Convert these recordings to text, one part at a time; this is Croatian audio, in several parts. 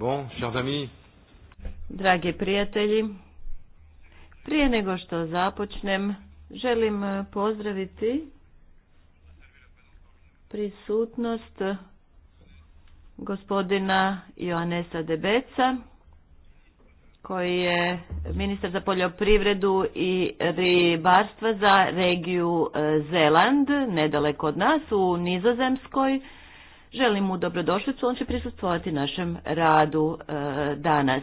Bon, chers amis. Dragi prijatelji, prije nego što započnem, želim eh, pozdraviti prisutnost gospodina Joanesa Debeca, koji je ministar za poljoprivredu i ribarstva za regiju eh, Zeland, nedaleko od nas u Nizozemskoj. Želim mu dobrodošlicu, on će prisustvovati našem radu e, danas.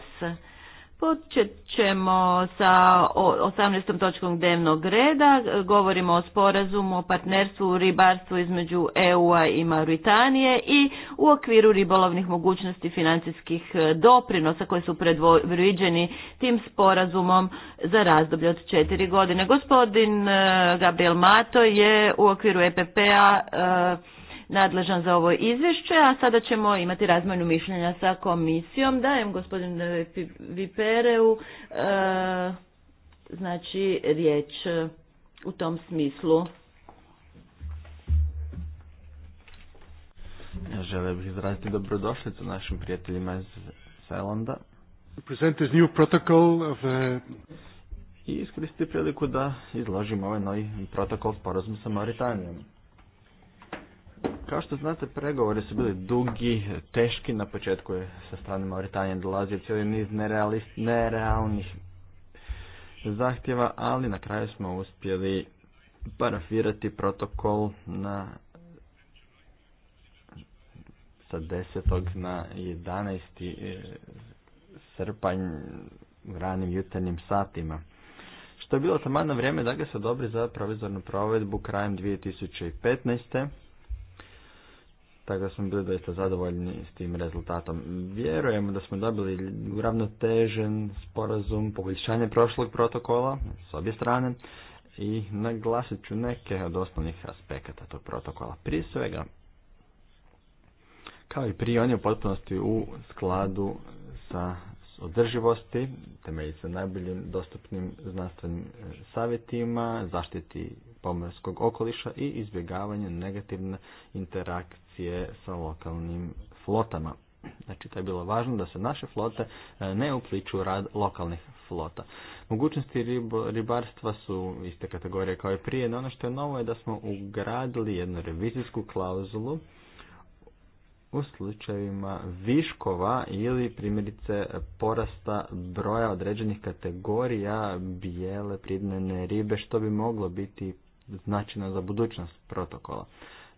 Počet ćemo sa 18. točkom dnevnog reda. Govorimo o sporazumu o partnerstvu u ribarstvu između EU-a i Mauritanije i u okviru ribolovnih mogućnosti financijskih e, doprinosa koji su predviđeni tim sporazumom za razdoblje od četiri godine. Gospodin e, Gabriel Mato je u okviru EPP-a nadležan za ovo izvješće, a sada ćemo imati razmojnu mišljenja sa komisijom. Dajem gospodinu Vipereu e, znači riječ e, u tom smislu. Ja želeo bih izraziti dobrodošlicu našim prijateljima iz Zelanda. new protocol uh, I iskoristiti priliku da izložimo ovaj novi protokol sporazum sa Mauritanijom. Kao što znate, pregovori su bili dugi, teški, na početku je sa strane Mauritanije dolazio cijeli niz nerealnih zahtjeva, ali na kraju smo uspjeli parafirati protokol na sa 10. na 11. E, srpanj ranim jutarnjim satima. Što je bilo tamo na vrijeme da ga se odobri za provizornu provedbu krajem 2015 tako da smo bili doista zadovoljni s tim rezultatom. Vjerujemo da smo dobili uravnotežen sporazum, poboljšanje prošlog protokola s obje strane i naglasit ću neke od osnovnih aspekata tog protokola. Prije svega, kao i prije, on je u potpunosti u skladu sa održivosti, temelji se najboljim dostupnim znanstvenim e, savjetima, zaštiti pomorskog okoliša i izbjegavanje negativne interakcije je sa lokalnim flotama. Znači, to je bilo važno da se naše flote e, ne upliču u rad lokalnih flota. Mogućnosti ribarstva su iste kategorije kao i prije, no ono što je novo je da smo ugradili jednu revizijsku klauzulu u slučajevima viškova ili primjerice porasta broja određenih kategorija bijele pridnene ribe, što bi moglo biti značajno za budućnost protokola.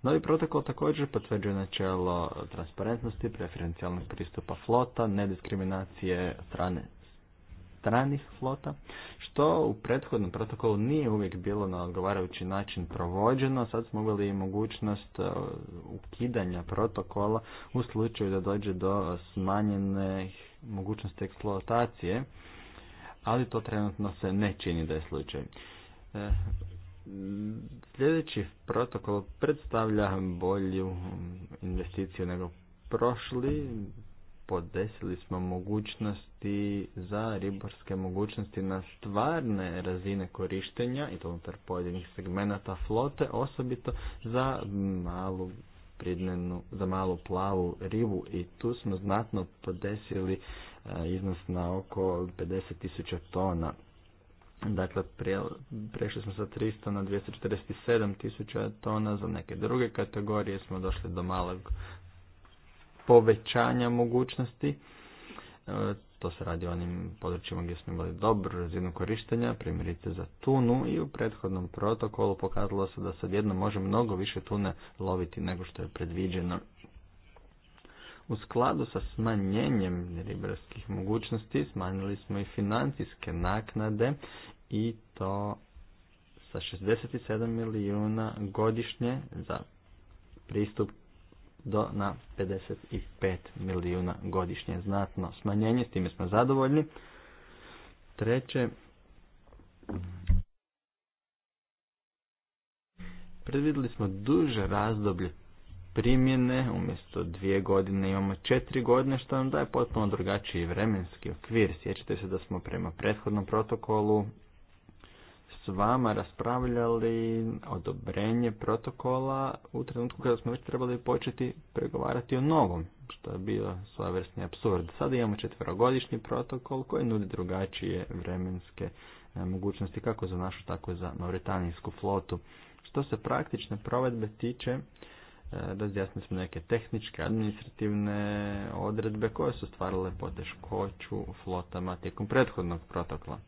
Novi protokol također potvrđuje načelo transparentnosti, preferencijalnog pristupa flota, nediskriminacije strane stranih flota, što u prethodnom protokolu nije uvijek bilo na odgovarajući način provođeno. Sad smo uveli i mogućnost e, ukidanja protokola u slučaju da dođe do smanjene mogućnosti eksploatacije, ali to trenutno se ne čini da je slučaj. E, Sljedeći protokol predstavlja bolju investiciju nego prošli. Podesili smo mogućnosti za riborske mogućnosti na stvarne razine korištenja i to unutar pojedinih segmenata flote, osobito za malu pridnenu, za malu plavu ribu i tu smo znatno podesili e, iznos na oko 50.000 tona Dakle, prešli smo sa 300 na 247 tisuća tona, za neke druge kategorije smo došli do malog povećanja mogućnosti. E, to se radi o onim područjima gdje smo imali dobru razinu korištenja, primjerice za tunu i u prethodnom protokolu pokazalo se da sad jedno može mnogo više tune loviti nego što je predviđeno. U skladu sa smanjenjem ribarskih mogućnosti smanjili smo i financijske naknade i to sa 67 milijuna godišnje za pristup do na 55 milijuna godišnje. Znatno smanjenje, s time smo zadovoljni. Treće, predvidjeli smo duže razdoblje primjene, umjesto dvije godine imamo četiri godine, što nam daje potpuno drugačiji vremenski okvir. Sjećate se da smo prema prethodnom protokolu vama raspravljali odobrenje protokola u trenutku kada smo već trebali početi pregovarati o novom, što je bio svojevrsni absurd. Sada imamo četverogodišnji protokol koji nudi drugačije vremenske e, mogućnosti kako za našu, tako i za mauritanijsku flotu. Što se praktične provedbe tiče, e, razjasnili smo neke tehničke, administrativne odredbe koje su stvarale poteškoću flotama tijekom prethodnog protokola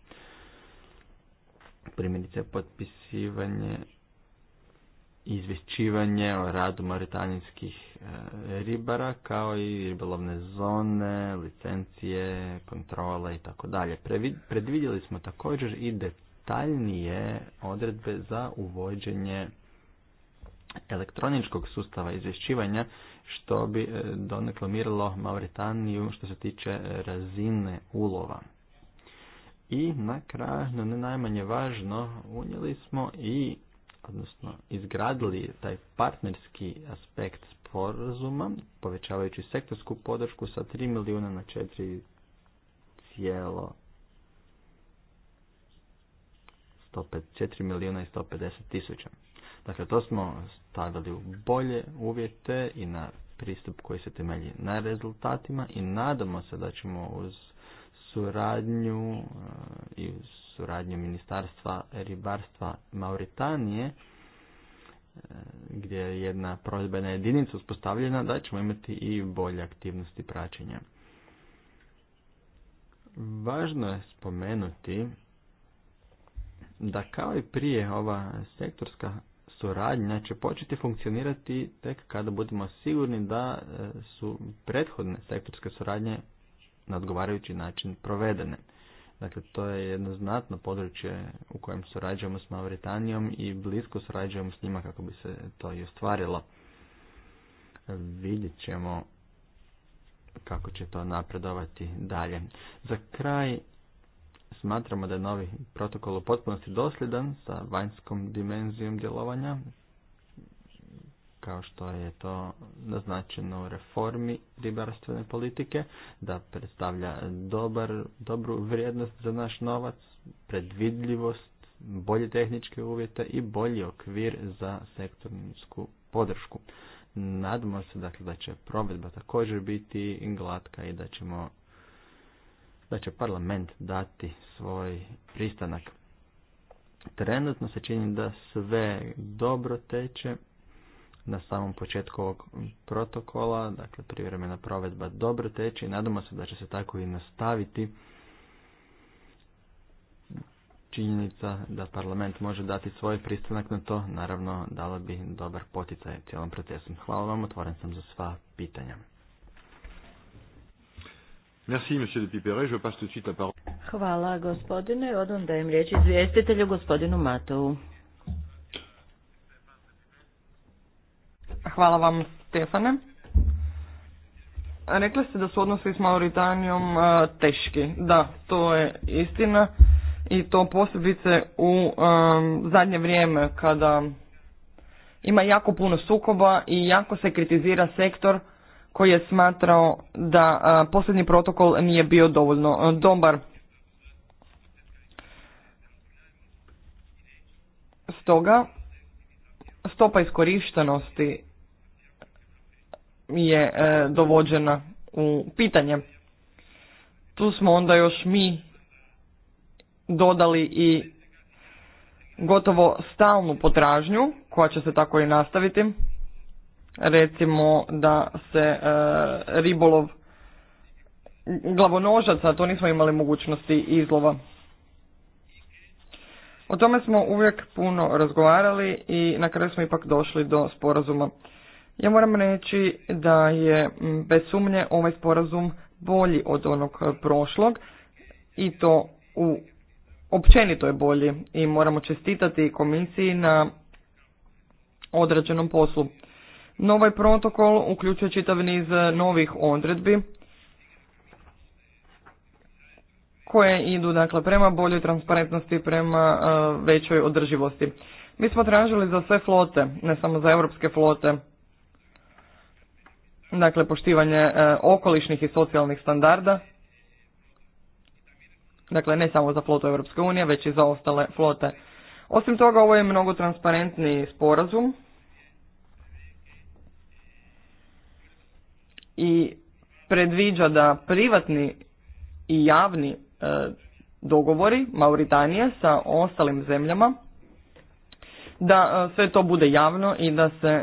primjerice potpisivanje izvješćivanje o radu maritanijskih e, ribara kao i ribolovne zone, licencije, kontrole i tako dalje. Predvidjeli smo također i detaljnije odredbe za uvođenje elektroničkog sustava izvješćivanja što bi e, donekle Mauritaniju što se tiče e, razine ulova. I na kraju, ne najmanje važno, unijeli smo i, odnosno izgradili taj partnerski aspekt sporazuma, povećavajući sektorsku podršku sa 3 milijuna na 4 cijelo 4 milijuna i 150 tisuća. Dakle, to smo stavili u bolje uvjete i na pristup koji se temelji na rezultatima i nadamo se da ćemo uz suradnju e, i suradnju Ministarstva ribarstva Mauritanije, e, gdje je jedna proizbena jedinica uspostavljena, da ćemo imati i bolje aktivnosti praćenja. Važno je spomenuti da kao i prije ova sektorska suradnja će početi funkcionirati tek kada budemo sigurni da e, su prethodne sektorske suradnje na odgovarajući način provedene. Dakle, to je jedno znatno područje u kojem surađujemo s Mauritanijom i blisko surađujemo s njima kako bi se to i ostvarilo. Vidjet ćemo kako će to napredovati dalje. Za kraj smatramo da je novi protokol u potpunosti dosljedan sa vanjskom dimenzijom djelovanja, kao što je to naznačeno u reformi ribarstvene politike, da predstavlja dobar, dobru vrijednost za naš novac, predvidljivost, bolje tehničke uvjete i bolji okvir za sektornsku podršku. Nadamo se dakle, da će provedba također biti glatka i da ćemo da će parlament dati svoj pristanak. Trenutno se čini da sve dobro teče, na samom početku ovog protokola, dakle privremena provedba dobro teče i nadamo se da će se tako i nastaviti činjenica da parlament može dati svoj pristanak na to, naravno dala bi dobar poticaj cijelom procesu. Hvala vam, otvoren sam za sva pitanja. Merci, monsieur de Je passe tout de suite la parole. Hvala, gospodine. dajem riječ izvjestitelju, gospodinu Matovu. Hvala vam, Stefane. Rekli ste da su odnosi s Mauritanijom e, teški. Da, to je istina i to posebice u e, zadnje vrijeme kada ima jako puno sukoba i jako se kritizira sektor koji je smatrao da e, posljednji protokol nije bio dovoljno dobar. Stoga, stopa iskorištenosti je e, dovođena u pitanje. Tu smo onda još mi dodali i gotovo stalnu potražnju koja će se tako i nastaviti. Recimo da se e, ribolov glavonožaca, to nismo imali mogućnosti izlova. O tome smo uvijek puno razgovarali i na kraju smo ipak došli do sporazuma. Ja moram reći da je bez sumnje ovaj sporazum bolji od onog prošlog i to u općenito je bolji i moramo čestitati komisiji na odrađenom poslu. Novaj protokol uključuje čitav niz novih odredbi koje idu dakle prema boljoj transparentnosti, prema e, većoj održivosti. Mi smo tražili za sve flote, ne samo za europske flote, dakle poštivanje e, okolišnih i socijalnih standarda, dakle ne samo za flotu Europske unije, već i za ostale flote. Osim toga, ovo je mnogo transparentniji sporazum i predviđa da privatni i javni e, dogovori Mauritanije sa ostalim zemljama, da e, sve to bude javno i da se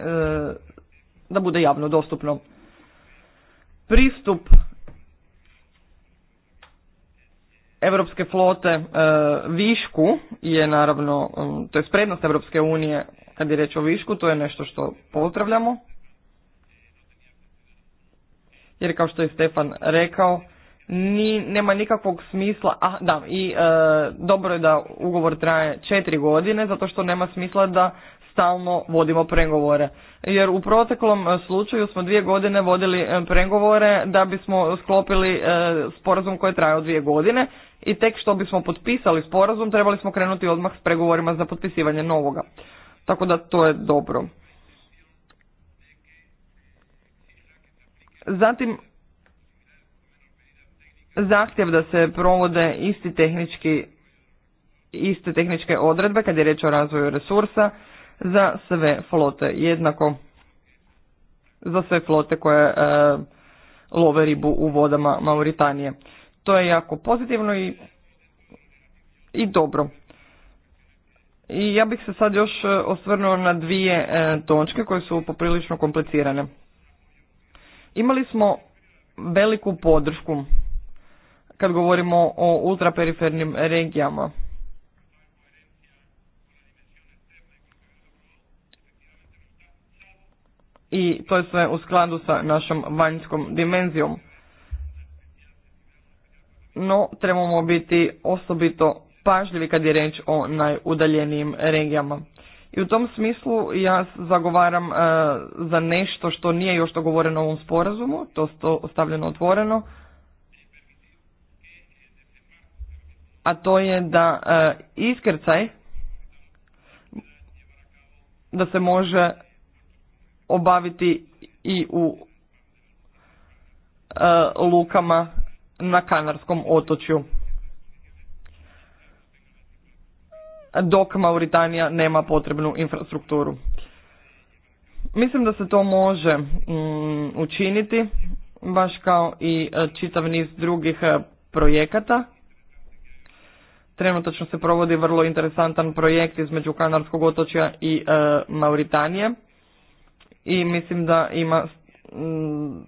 da bude javno dostupno pristup europske flote e, višku je naravno, e, to je sprednost Europske unije kad je reč o višku, to je nešto što pozdravljamo. Jer kao što je Stefan rekao, ni, nema nikakvog smisla, a da, i e, dobro je da ugovor traje četiri godine, zato što nema smisla da stalno vodimo pregovore. Jer u proteklom e, slučaju smo dvije godine vodili e, pregovore da bismo sklopili e, sporazum koji je trajao dvije godine i tek što bismo potpisali sporazum trebali smo krenuti odmah s pregovorima za potpisivanje novoga. Tako da to je dobro. Zatim, zahtjev da se provode isti tehnički, iste tehničke odredbe kad je riječ o razvoju resursa, za sve flote jednako za sve flote koje e, love ribu u vodama Mauritanije. To je jako pozitivno i, i dobro. I ja bih se sad još e, osvrnuo na dvije e, točke koje su poprilično komplicirane. Imali smo veliku podršku kad govorimo o ultraperifernim regijama. i to je sve u skladu sa našom vanjskom dimenzijom. No, trebamo biti osobito pažljivi kad je riječ o najudaljenijim regijama. I u tom smislu ja zagovaram e, za nešto što nije još dogovoreno u ovom sporazumu, to je ostavljeno otvoreno, a to je da e, iskrcaj da se može obaviti i u e, lukama na Kanarskom otočju. Dok Mauritanija nema potrebnu infrastrukturu. Mislim da se to može mm, učiniti, baš kao i e, čitav niz drugih e, projekata. Trenutačno se provodi vrlo interesantan projekt između Kanarskog otočja i e, Mauritanije i mislim da ima mm,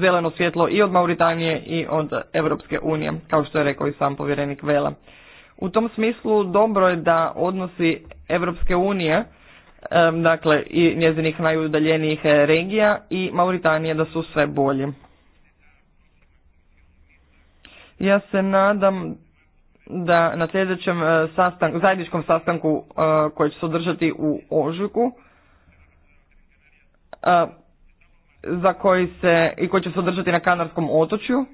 zeleno svjetlo i od Mauritanije i od Europske unije, kao što je rekao i sam povjerenik Vela. U tom smislu dobro je da odnosi Europske unije, dakle i njezinih najudaljenijih regija i Mauritanije da su sve bolji. Ja se nadam da na sljedećem eh, sastanku, zajedničkom sastanku eh, koji će se održati u Ožujku, za koji se i koji će se održati na Kanarskom otočju.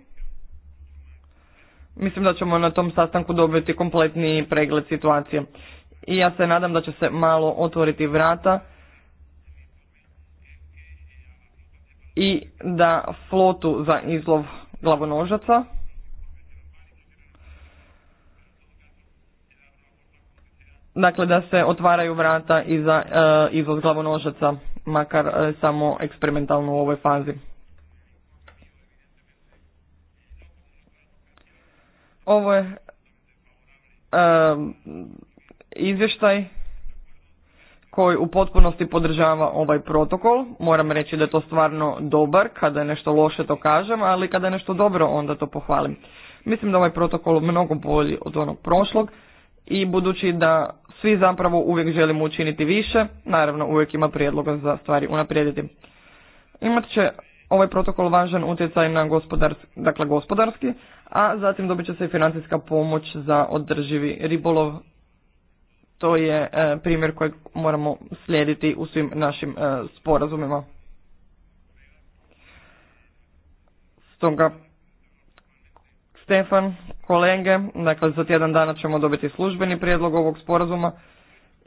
Mislim da ćemo na tom sastanku dobiti kompletni pregled situacije. I ja se nadam da će se malo otvoriti vrata i da flotu za izlov glavonožaca dakle da se otvaraju vrata i za e, glavonožaca, makar e, samo eksperimentalno u ovoj fazi. Ovo je e, izvještaj koji u potpunosti podržava ovaj protokol. Moram reći da je to stvarno dobar, kada je nešto loše to kažem, ali kada je nešto dobro onda to pohvalim. Mislim da ovaj protokol mnogo bolji od onog prošlog i budući da svi zapravo uvijek želimo učiniti više, naravno uvijek ima prijedloga za stvari unaprijediti. Imat će ovaj protokol važan utjecaj na gospodarski, dakle gospodarski, a zatim dobit će se i financijska pomoć za održivi ribolov. To je e, primjer kojeg moramo slijediti u svim našim e, sporazumima. Stoga Stefan, kolege, dakle za tjedan dana ćemo dobiti službeni prijedlog ovog sporazuma.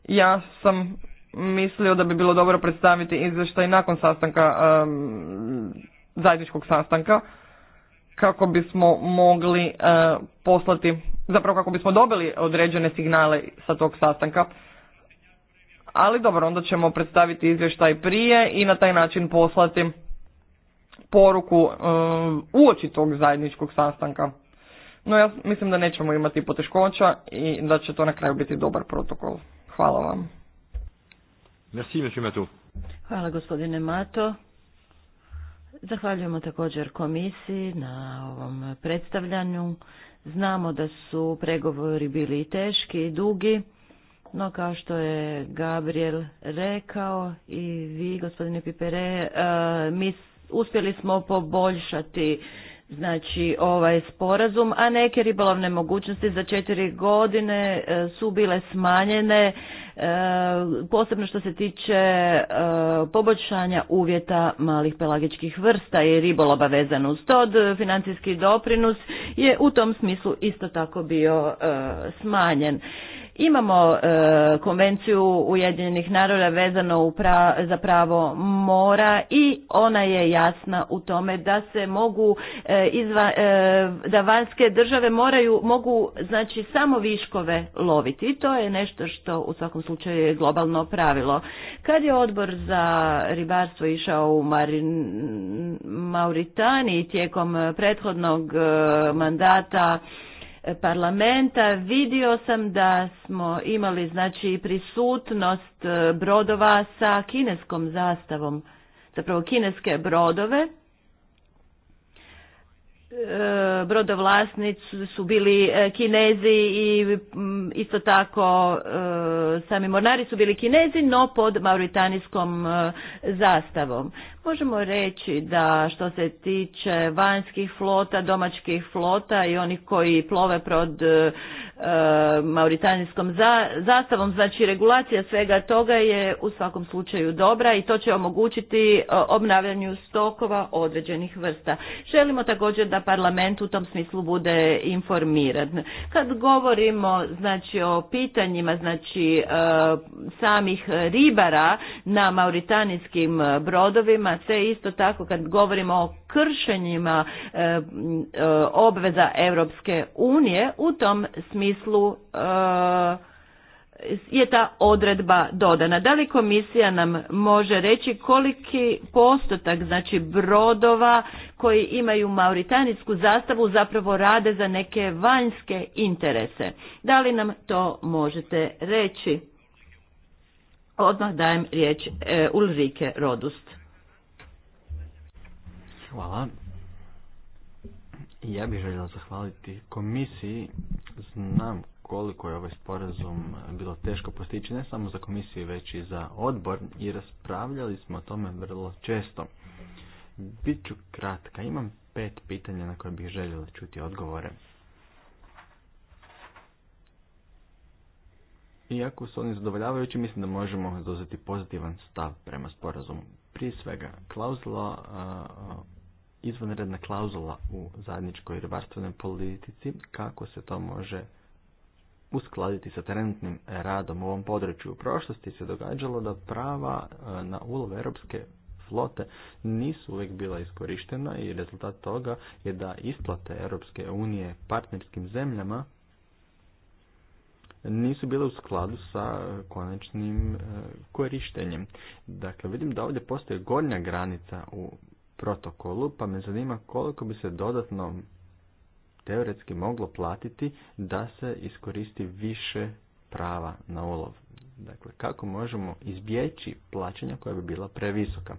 Ja sam mislio da bi bilo dobro predstaviti izvještaj nakon sastanka, zajedničkog sastanka, kako bismo mogli e, poslati, zapravo kako bismo dobili određene signale sa tog sastanka. Ali dobro, onda ćemo predstaviti izvještaj prije i na taj način poslati poruku um, uoči tog zajedničkog sastanka. No ja mislim da nećemo imati poteškoća i da će to na kraju biti dobar protokol. Hvala vam. Merci, Hvala gospodine Mato. Zahvaljujemo također komisiji na ovom predstavljanju. Znamo da su pregovori bili teški i dugi, no kao što je Gabriel rekao i vi gospodine Pipere, eh, mi uspjeli smo poboljšati znači ovaj sporazum, a neke ribolovne mogućnosti za četiri godine e, su bile smanjene, e, posebno što se tiče e, poboljšanja uvjeta malih pelagičkih vrsta i ribolova vezano uz to. Financijski doprinos je u tom smislu isto tako bio smanjen. Imamo e, konvenciju Ujedinjenih naroda vezano u pra, za pravo mora i ona je jasna u tome da se mogu e, e, da vanjske države moraju mogu znači samo viškove loviti i to je nešto što u svakom slučaju je globalno pravilo. Kad je odbor za ribarstvo išao u Marin, Mauritaniji tijekom prethodnog e, mandata parlamenta vidio sam da smo imali znači prisutnost e, brodova sa kineskom zastavom, zapravo kineske brodove E, brodovlasnici su bili e, kinezi i mm, isto tako e, sami mornari su bili kinezi, no pod mauritanijskom zastavom. Možemo reći da što se tiče vanjskih flota, domaćih flota i onih koji plove pod E, mauritanijskom za, zastavom. Znači regulacija svega toga je u svakom slučaju dobra i to će omogućiti e, obnavljanju stokova određenih vrsta. Želimo također da parlament u tom smislu bude informiran. Kad govorimo znači o pitanjima znači e, samih ribara na mauritanijskim brodovima te isto tako kad govorimo o kršenjima e, e, obveza Europske unije, u tom smislu e, je ta odredba dodana. Da li komisija nam može reći koliki postotak znači brodova koji imaju mauritanijsku zastavu zapravo rade za neke vanjske interese? Da li nam to možete reći? Odmah dajem riječ e, Ulrike Rodust. Hvala. Ja bih željela zahvaliti komisiji. Znam koliko je ovaj sporazum bilo teško postići, ne samo za komisiju, već i za odbor i raspravljali smo o tome vrlo često. Biću kratka, imam pet pitanja na koje bih željela čuti odgovore. Iako su oni zadovoljavajući, mislim da možemo zauzeti pozitivan stav prema sporazumu. Prije svega, klauzula izvanredna klauzula u zajedničkoj ribarstvenoj politici kako se to može uskladiti sa trenutnim radom u ovom području. U prošlosti se događalo da prava e, na ulove europske flote nisu uvijek bila iskorištena i rezultat toga je da isplate Europske unije partnerskim zemljama nisu bile u skladu sa konačnim e, korištenjem. Dakle, vidim da ovdje postoji gornja granica u protokolu, pa me zanima koliko bi se dodatno teoretski moglo platiti da se iskoristi više prava na ulov. Dakle, kako možemo izbjeći plaćanja koja bi bila previsoka.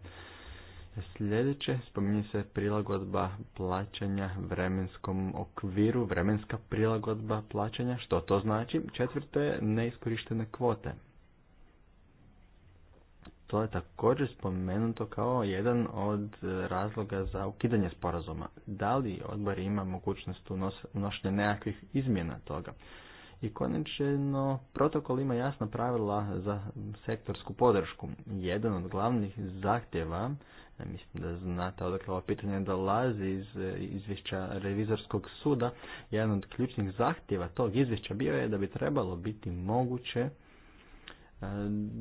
Sljedeće, spominje se prilagodba plaćanja vremenskom okviru, vremenska prilagodba plaćanja, što to znači? Četvrte, neiskorištene kvote to je također spomenuto kao jedan od razloga za ukidanje sporazuma. Da li odbor ima mogućnost unošenja nekakvih izmjena toga? I konačno, protokol ima jasna pravila za sektorsku podršku. Jedan od glavnih zahtjeva, mislim da znate odakle ovo pitanje dolazi iz izvješća revizorskog suda, jedan od ključnih zahtjeva tog izvješća bio je da bi trebalo biti moguće E,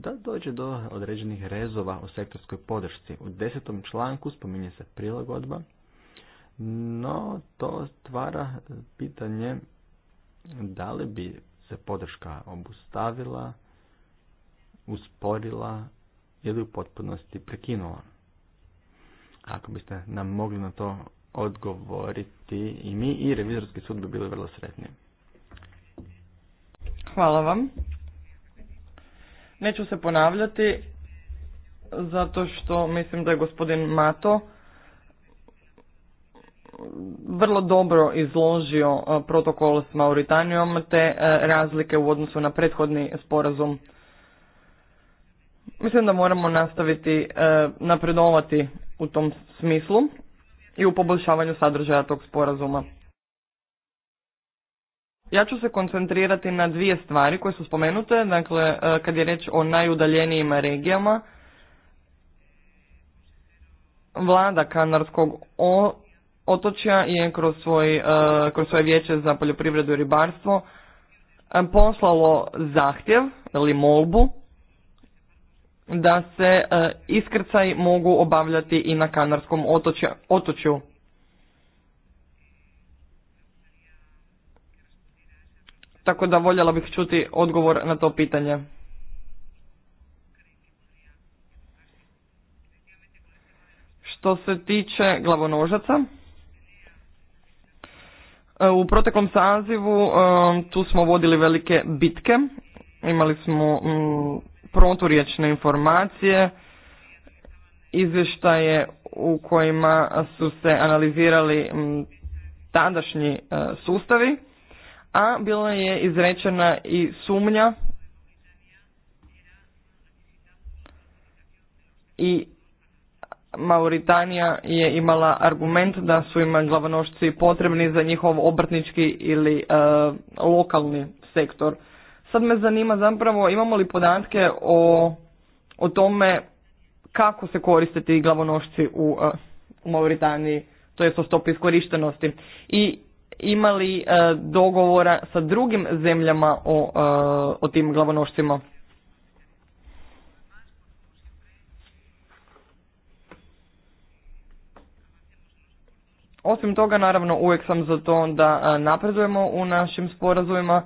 da dođe do određenih rezova u sektorskoj podršci. U desetom članku spominje se prilagodba, no to stvara pitanje da li bi se podrška obustavila, usporila ili u potpunosti prekinula. Ako biste nam mogli na to odgovoriti i mi i revizorski sud bi bili vrlo sretni. Hvala vam. Neću se ponavljati zato što mislim da je gospodin Mato vrlo dobro izložio e, protokol s Mauritanijom te e, razlike u odnosu na prethodni sporazum. Mislim da moramo nastaviti e, napredovati u tom smislu i u poboljšavanju sadržaja tog sporazuma. Ja ću se koncentrirati na dvije stvari koje su spomenute, dakle e, kad je reč o najudaljenijim regijama, vlada Kanarskog otočja je kroz, svoj, e, kroz svoje vijeće za poljoprivredu i ribarstvo e, poslalo zahtjev ili molbu da se iskrcaj mogu obavljati i na Kanarskom otočju. Tako da voljela bih čuti odgovor na to pitanje. Što se tiče glavonožaca, e, u proteklom sazivu e, tu smo vodili velike bitke, imali smo proturječne informacije, izvještaje u kojima su se analizirali tadašnji e, sustavi a bila je izrečena i sumnja i Mauritanija je imala argument da su im glavonošci potrebni za njihov obrtnički ili e, lokalni sektor. Sad me zanima zapravo imamo li podatke o, o tome kako se koriste ti glavonošci u, e, u Mauritaniji, to je o stopi iskorištenosti. I imali e, dogovora sa drugim zemljama o, e, o tim glavonošcima? Osim toga, naravno, uvijek sam za to da e, napredujemo u našim sporazumima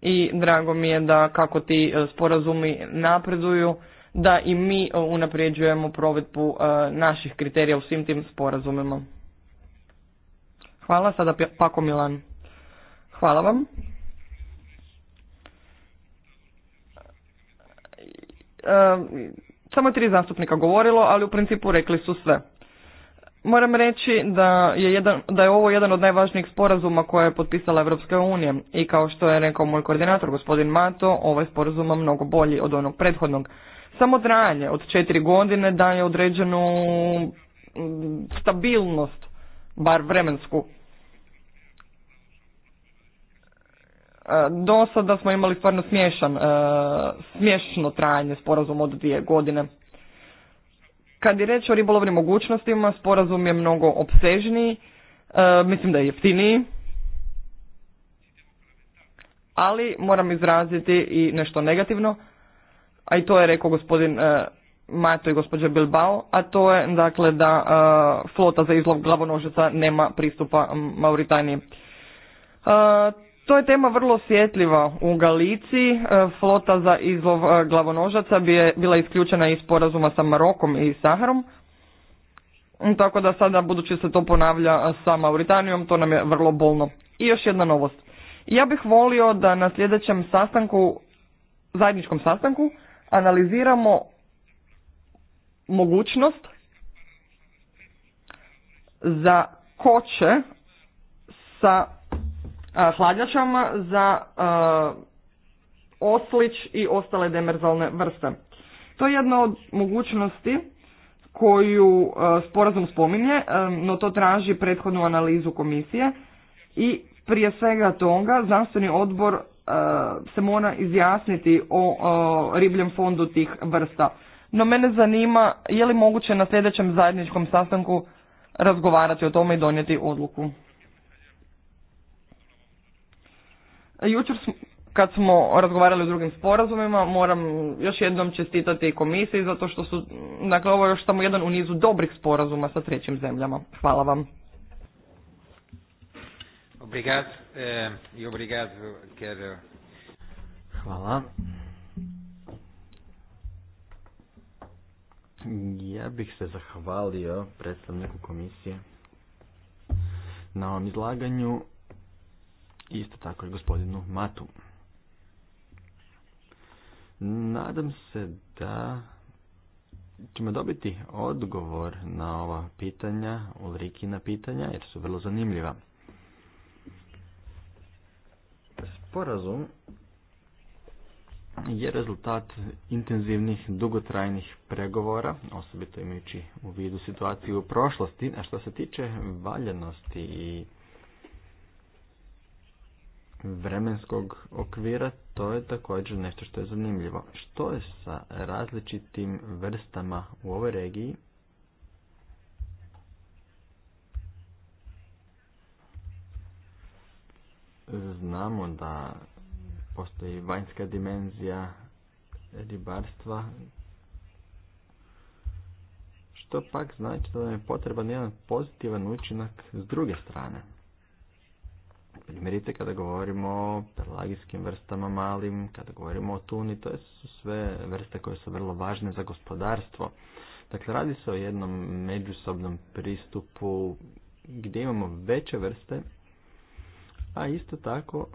i drago mi je da kako ti e, sporazumi napreduju, da i mi unapređujemo provedbu naših kriterija u svim tim sporazumima. Hvala, sada Pako Milan. Hvala vam. E, samo je tri zastupnika govorilo, ali u principu rekli su sve. Moram reći da je, jedan, da je ovo jedan od najvažnijih sporazuma koje je potpisala Evropska unija i kao što je rekao moj koordinator gospodin Mato, ovaj sporazum je mnogo bolji od onog prethodnog. Samo trajanje od četiri godine daje određenu mm, stabilnost, bar vremensku, E, do sada smo imali stvarno smješan, e, smješno trajanje sporazum od dvije godine. Kad je reč o ribolovnim mogućnostima, sporazum je mnogo obsežniji e, mislim da je jeftiniji, ali moram izraziti i nešto negativno, a i to je rekao gospodin Mato i gospođa Bilbao, a to je dakle da flota za izlov glavonožica nema pristupa Mauritaniji. To je tema vrlo osjetljiva. U Galiciji e, flota za izlov e, glavonožaca bi je bila isključena iz sporazuma sa Marokom i Saharom. Tako da sada, budući se to ponavlja e, sa Mauritanijom, to nam je vrlo bolno. I još jedna novost. Ja bih volio da na sljedećem sastanku, zajedničkom sastanku, analiziramo mogućnost za koče sa hladnjačama za oslić i ostale demerzalne vrste. To je jedna od mogućnosti koju sporazum spominje, no to traži prethodnu analizu komisije i prije svega toga znanstveni odbor se mora izjasniti o ribljem fondu tih vrsta. No mene zanima je li moguće na sljedećem zajedničkom sastanku razgovarati o tome i donijeti odluku. Jučer kad smo razgovarali o drugim sporazumima, moram još jednom čestitati komisiji zato što su, dakle ovo je još samo jedan u nizu dobrih sporazuma sa trećim zemljama. Hvala vam. Obrigado eh, Hvala. Ja bih se zahvalio predstavniku komisije na ovom izlaganju isto tako i gospodinu Matu. Nadam se da ćemo dobiti odgovor na ova pitanja, na pitanja, jer su vrlo zanimljiva. Sporazum je rezultat intenzivnih, dugotrajnih pregovora, osobito imajući u vidu situaciju u prošlosti, a što se tiče valjanosti i vremenskog okvira, to je također nešto što je zanimljivo. Što je sa različitim vrstama u ovoj regiji? Znamo da postoji vanjska dimenzija ribarstva, što pak znači da nam je potreban jedan pozitivan učinak s druge strane. Primjerice kada govorimo o pelagijskim vrstama malim, kada govorimo o tuni, to su sve vrste koje su vrlo važne za gospodarstvo. Dakle, radi se o jednom međusobnom pristupu gdje imamo veće vrste, a isto tako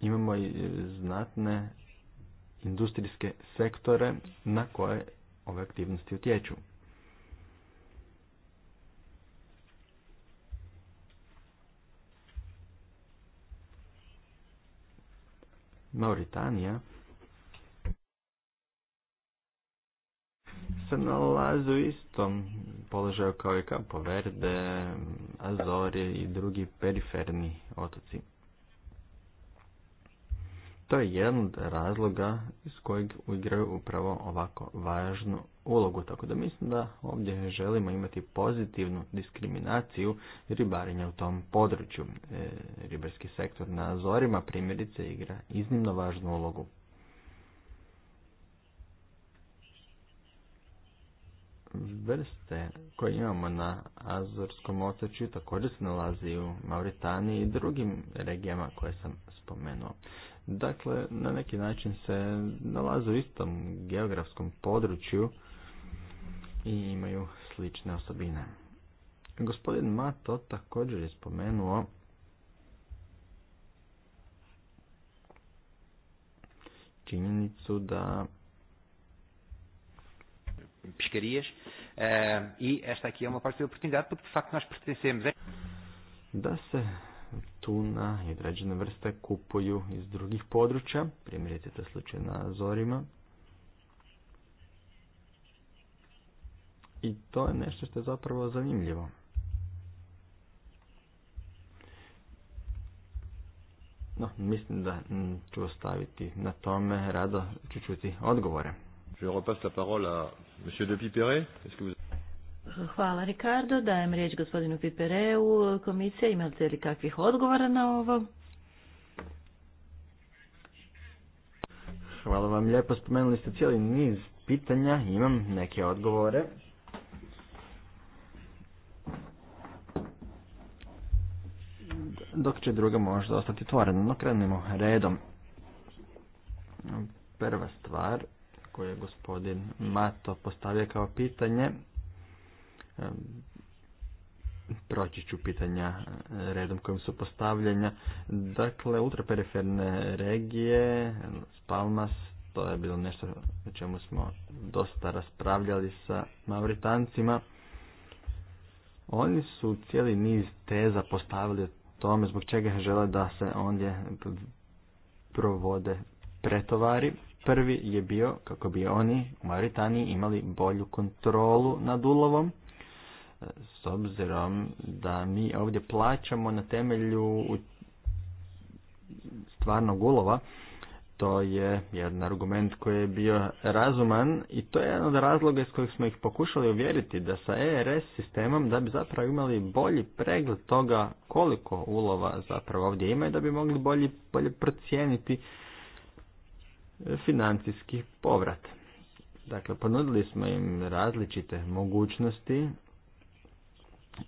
imamo i znatne industrijske sektore na koje ove aktivnosti utječu. Mauritanija se nalazi u istom položaju kao i Kapo Verde, Azori i drugi periferni otoci to je jedan od razloga iz kojeg uigraju upravo ovako važnu ulogu. Tako da mislim da ovdje želimo imati pozitivnu diskriminaciju ribarenja u tom području. E, ribarski sektor na Azorima primjerice igra iznimno važnu ulogu. Vrste koje imamo na Azorskom otočju također se nalazi u Mauritaniji i drugim regijama koje sam spomenuo. Dakle, na neki način se nalaze u istom geografskom području i imaju slične osobine. Gospodin Mato također je spomenuo činjenicu da eh, i esta eh, aqui é uma parte da oportunidade porque de facto nós pertencemos da se tuna i određene vrste kupuju iz drugih područja, primjerice to slučaj na Azorima. I to je nešto što je zapravo zanimljivo. No, mislim da ću ostaviti na tome, rado ću čuti odgovore. Je repasse la parole à monsieur De Piperet. Hvala Ricardo. Dajem riječ gospodinu Pipereu. Komisija, ima li kakvih odgovora na ovo? Hvala vam lijepo. Spomenuli ste cijeli niz pitanja. Imam neke odgovore. Dok će druga možda ostati otvorena. No krenimo redom. Prva stvar koju je gospodin Mato postavio kao pitanje proći ću pitanja eh, redom kojim su postavljanja. Dakle, ultraperiferne regije, Spalmas, to je bilo nešto o čemu smo dosta raspravljali sa Mauritancima. Oni su cijeli niz teza postavili o tome zbog čega žele da se ondje provode pretovari. Prvi je bio kako bi oni u Mauritaniji imali bolju kontrolu nad ulovom s obzirom da mi ovdje plaćamo na temelju stvarnog ulova, to je jedan argument koji je bio razuman i to je jedan od razloga iz kojih smo ih pokušali uvjeriti da sa ERS sistemom da bi zapravo imali bolji pregled toga koliko ulova zapravo ovdje ima i da bi mogli bolje, bolje procijeniti financijski povrat. Dakle, ponudili smo im različite mogućnosti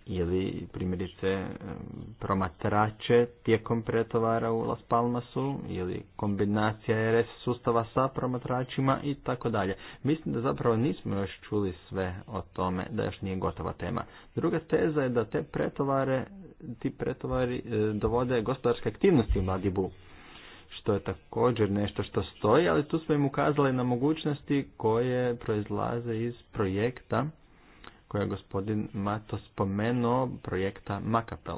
ili primjerice promatrače tijekom pretovara u Las Palmasu ili kombinacija RS sustava sa promatračima i tako dalje. Mislim da zapravo nismo još čuli sve o tome da još nije gotova tema. Druga teza je da te pretovare, ti pretovari e, dovode gospodarske aktivnosti u Madibu što je također nešto što stoji, ali tu smo im ukazali na mogućnosti koje proizlaze iz projekta koje je gospodin Mato spomenuo projekta Makapel.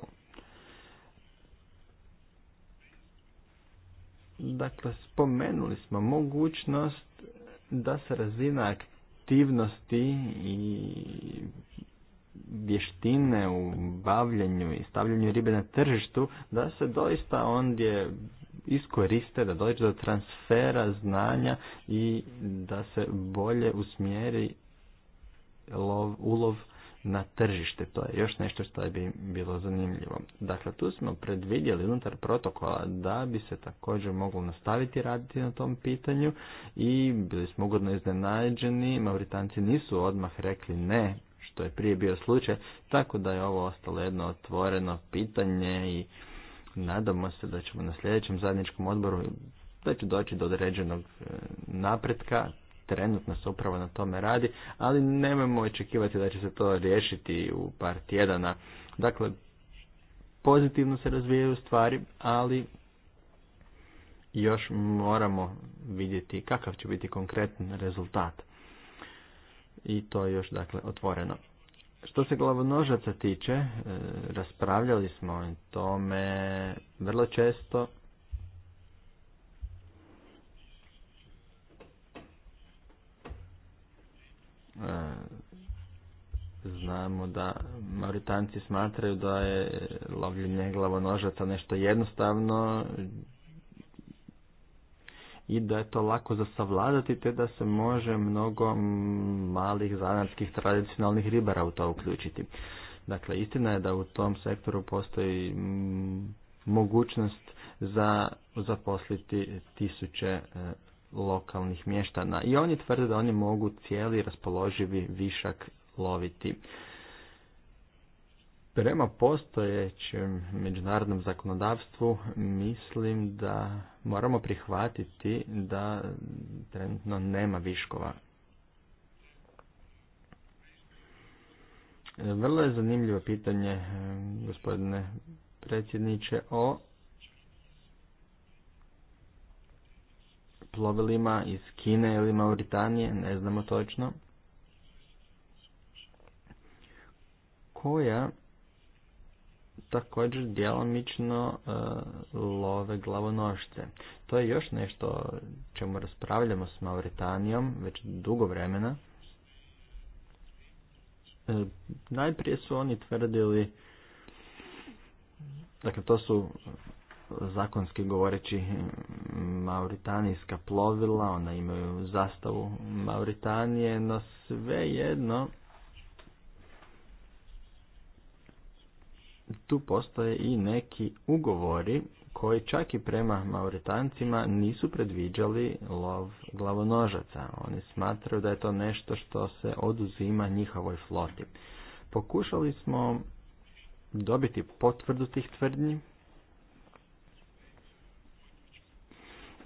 Dakle, spomenuli smo mogućnost da se razina aktivnosti i vještine u bavljenju i stavljanju ribe na tržištu, da se doista ondje iskoriste, da dođe do transfera znanja i da se bolje usmjeri lov, ulov na tržište. To je još nešto što bi bilo zanimljivo. Dakle, tu smo predvidjeli unutar protokola da bi se također moglo nastaviti raditi na tom pitanju i bili smo ugodno iznenađeni. Mauritanci nisu odmah rekli ne, što je prije bio slučaj, tako da je ovo ostalo jedno otvoreno pitanje i nadamo se da ćemo na sljedećem zajedničkom odboru da će doći do određenog e, napretka trenutno se upravo na tome radi, ali nemojmo očekivati da će se to riješiti u par tjedana. Dakle, pozitivno se razvijaju stvari, ali još moramo vidjeti kakav će biti konkretan rezultat. I to je još dakle otvoreno. Što se glavonožaca tiče, e, raspravljali smo o tome vrlo često E, znamo da maritanci smatraju da je lovljenje glavonožaca nešto jednostavno i da je to lako za savladati te da se može mnogo malih zanatskih tradicionalnih ribara u to uključiti. Dakle, istina je da u tom sektoru postoji mogućnost za zaposliti tisuće e, lokalnih mještana i oni tvrde da oni mogu cijeli raspoloživi višak loviti. Prema postojećem međunarodnom zakonodavstvu mislim da moramo prihvatiti da trenutno nema viškova. Vrlo je zanimljivo pitanje, gospodine predsjedniče, o plovilima iz Kine ili Mauritanije, ne znamo točno, koja također djelomično e, love glavonošce. To je još nešto čemu raspravljamo s Mauritanijom već dugo vremena. E, najprije su oni tvrdili, dakle to su zakonski govoreći mauritanijska plovila, ona imaju zastavu Mauritanije, no sve jedno tu postoje i neki ugovori koji čak i prema Mauritancima nisu predviđali lov glavonožaca. Oni smatraju da je to nešto što se oduzima njihovoj floti. Pokušali smo dobiti potvrdu tih tvrdnji,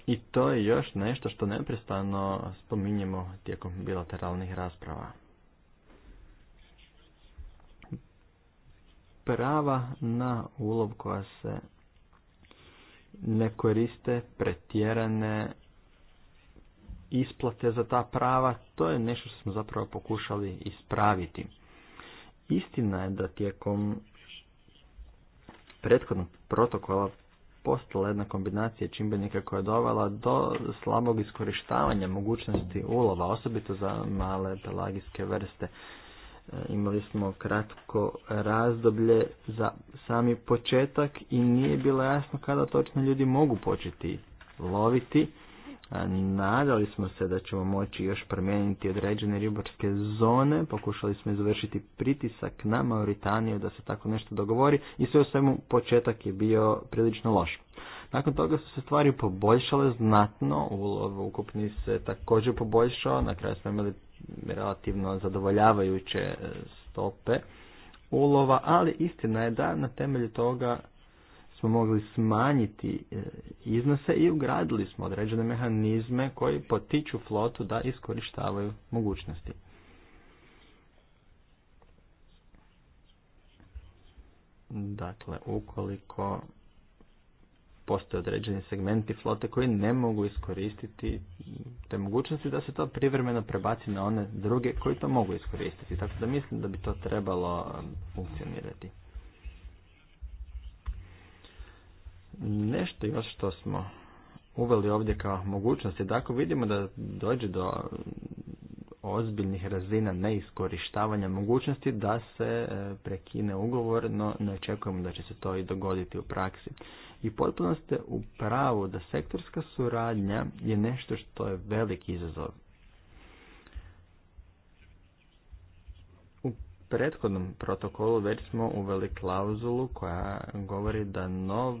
I to je još nešto što neprestano spominjemo tijekom bilateralnih rasprava. Prava na ulov koja se ne koriste pretjerane isplate za ta prava, to je nešto što smo zapravo pokušali ispraviti. Istina je da tijekom prethodnog protokola postala jedna kombinacija čimbenika koja je dovela do slabog iskorištavanja mogućnosti ulova, osobito za male pelagijske vrste. E, imali smo kratko razdoblje za sami početak i nije bilo jasno kada točno ljudi mogu početi loviti Nadali smo se da ćemo moći još promijeniti određene ribarske zone, pokušali smo izvršiti pritisak na Mauritaniju da se tako nešto dogovori i sve u svemu početak je bio prilično loš. Nakon toga su se stvari poboljšale znatno, ulov ukupni se također poboljšao, na kraju smo imali relativno zadovoljavajuće e, stope ulova, ali istina je da na temelju toga smo mogli smanjiti e, iznose i ugradili smo određene mehanizme koji potiču flotu da iskorištavaju mogućnosti. Dakle, ukoliko postoje određeni segmenti flote koji ne mogu iskoristiti te mogućnosti da se to privremeno prebaci na one druge koji to mogu iskoristiti. Tako da mislim da bi to trebalo e, funkcionirati. Nešto još što smo uveli ovdje kao mogućnost je da ako vidimo da dođe do ozbiljnih razina neiskorištavanja mogućnosti da se e, prekine ugovor, no ne očekujemo da će se to i dogoditi u praksi. I potpuno ste u pravu da sektorska suradnja je nešto što je veliki izazov prethodnom protokolu već smo uveli klauzulu koja govori da nova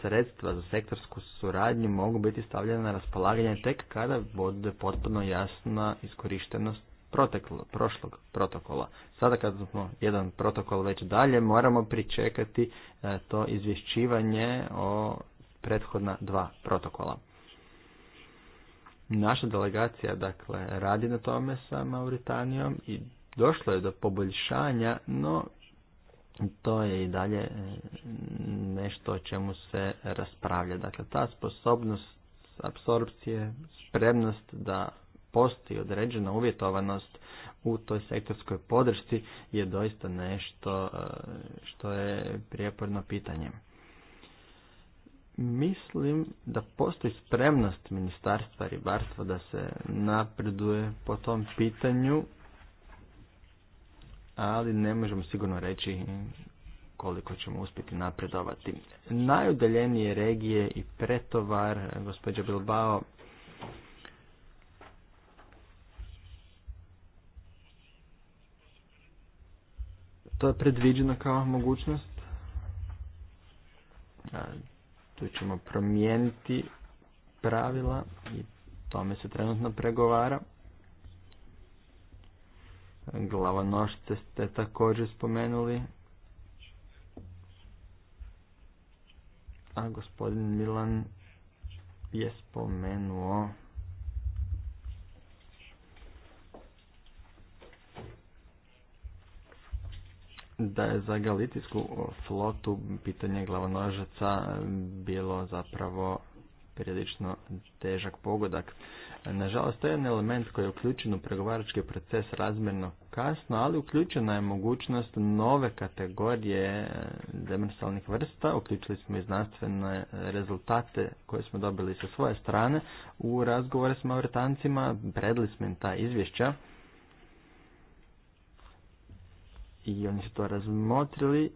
sredstva za sektorsku suradnju mogu biti stavljena na raspolaganje tek kada bude potpuno jasna iskorištenost proteklo, prošlog protokola. Sada kad smo jedan protokol već dalje, moramo pričekati e, to izvješćivanje o prethodna dva protokola. Naša delegacija dakle radi na tome sa Mauritanijom i došlo je do poboljšanja, no to je i dalje e, nešto o čemu se raspravlja. Dakle, ta sposobnost apsorpcije, spremnost da postoji određena uvjetovanost u toj sektorskoj podršci je doista nešto e, što je prijeporno pitanje. Mislim da postoji spremnost Ministarstva ribarstva da se napreduje po tom pitanju, ali ne možemo sigurno reći koliko ćemo uspjeti napredovati. Najudaljenije regije i pretovar, gospođa Bilbao, to je predviđeno kao mogućnost. Tu ćemo promijeniti pravila i tome se trenutno pregovara glavonošce ste također spomenuli. A gospodin Milan je spomenuo da je za galitijsku flotu pitanje glavonožaca bilo zapravo periodično težak pogodak. Nažalost, to je jedan element koji je uključen u pregovarački proces razmjerno kasno, ali uključena je mogućnost nove kategorije e, demersalnih vrsta. Uključili smo i znanstvene rezultate koje smo dobili sa svoje strane u razgovore s mauritancima. Predli smo im ta izvješća i oni su to razmotrili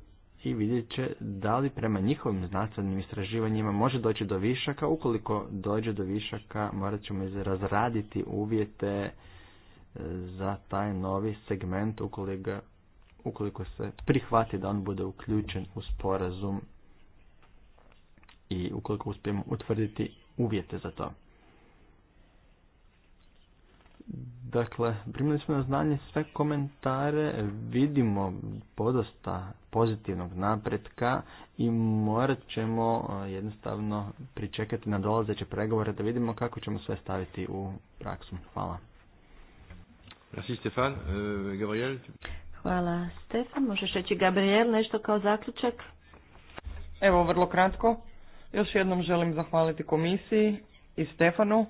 i vidjet će da li prema njihovim znanstvenim istraživanjima može doći do višaka. Ukoliko dođe do višaka morat ćemo razraditi uvjete e, za taj novi segment ukoliko, ukoliko se prihvati da on bude uključen u sporazum i ukoliko uspijemo utvrditi uvjete za to. Dakle, primili smo na znanje sve komentare, vidimo podosta pozitivnog napretka i morat ćemo e, jednostavno pričekati na dolazeće pregovore da vidimo kako ćemo sve staviti u praksu. Hvala. Stefan. E, Gabriel? Hvala Stefan. Možeš reći Gabriel nešto kao zaključak? Evo vrlo kratko. Još jednom želim zahvaliti komisiji i Stefanu.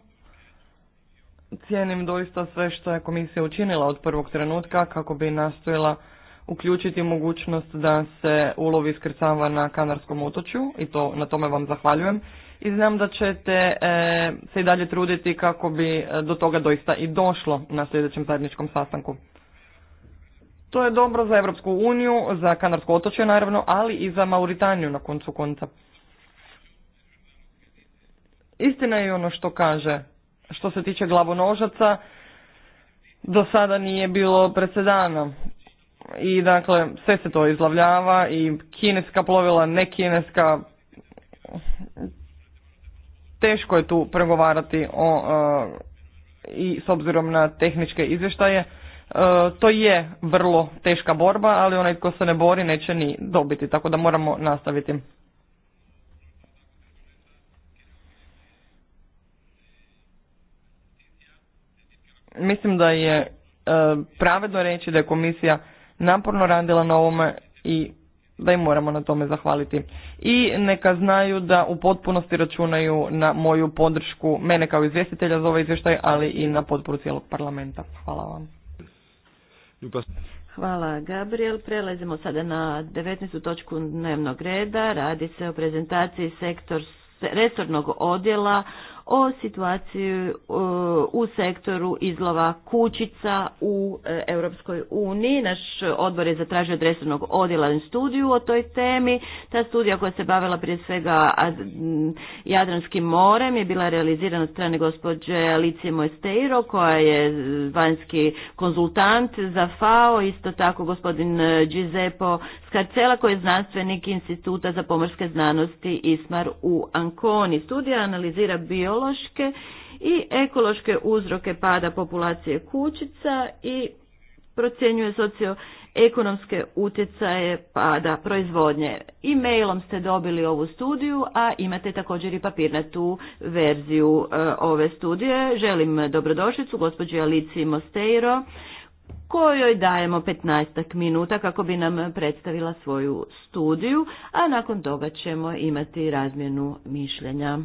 Cijenim doista sve što je komisija učinila od prvog trenutka kako bi nastojila uključiti mogućnost da se ulovi iskrcava na Kanarskom otočju i to na tome vam zahvaljujem i znam da ćete e, se i dalje truditi kako bi e, do toga doista i došlo na sljedećem zajedničkom sastanku. To je dobro za Europsku uniju, za Kanarsko otočje naravno, ali i za Mauritaniju na koncu konca. Istina je ono što kaže, što se tiče glavonožaca, do sada nije bilo presedana i dakle sve se to izlavljava i kineska plovila, ne kineska, teško je tu pregovarati o, e, i s obzirom na tehničke izvještaje. E, to je vrlo teška borba, ali onaj tko se ne bori neće ni dobiti, tako da moramo nastaviti. Mislim da je e, pravedno reći da je komisija naporno radila na ovome i da im moramo na tome zahvaliti. I neka znaju da u potpunosti računaju na moju podršku, mene kao izvjestitelja za ovaj izvještaj, ali i na potporu cijelog parlamenta. Hvala vam. Hvala Gabriel. Prelazimo sada na 19. točku dnevnog reda. Radi se o prezentaciji sektor resornog odjela o situaciji e, u sektoru izlova kućica u e, Europskoj uniji. Naš odbor je zatražio od resornog odjela studiju o toj temi. Ta studija koja se bavila prije svega Jadranskim morem je bila realizirana od strane gospođe Alicije Moesteiro koja je vanjski konzultant za FAO, isto tako gospodin e, Giuseppe Scarcella koji je znanstvenik Instituta za pomorske znanosti ISMAR u Anconi. Studija analizira bio biološke i ekološke uzroke pada populacije kućica i procjenjuje socioekonomske utjecaje pada proizvodnje. E-mailom ste dobili ovu studiju, a imate također i papirnatu verziju e, ove studije. Želim dobrodošlicu gospođi Alici Mosteiro, kojoj dajemo 15 minuta kako bi nam predstavila svoju studiju, a nakon toga ćemo imati razmjenu mišljenja.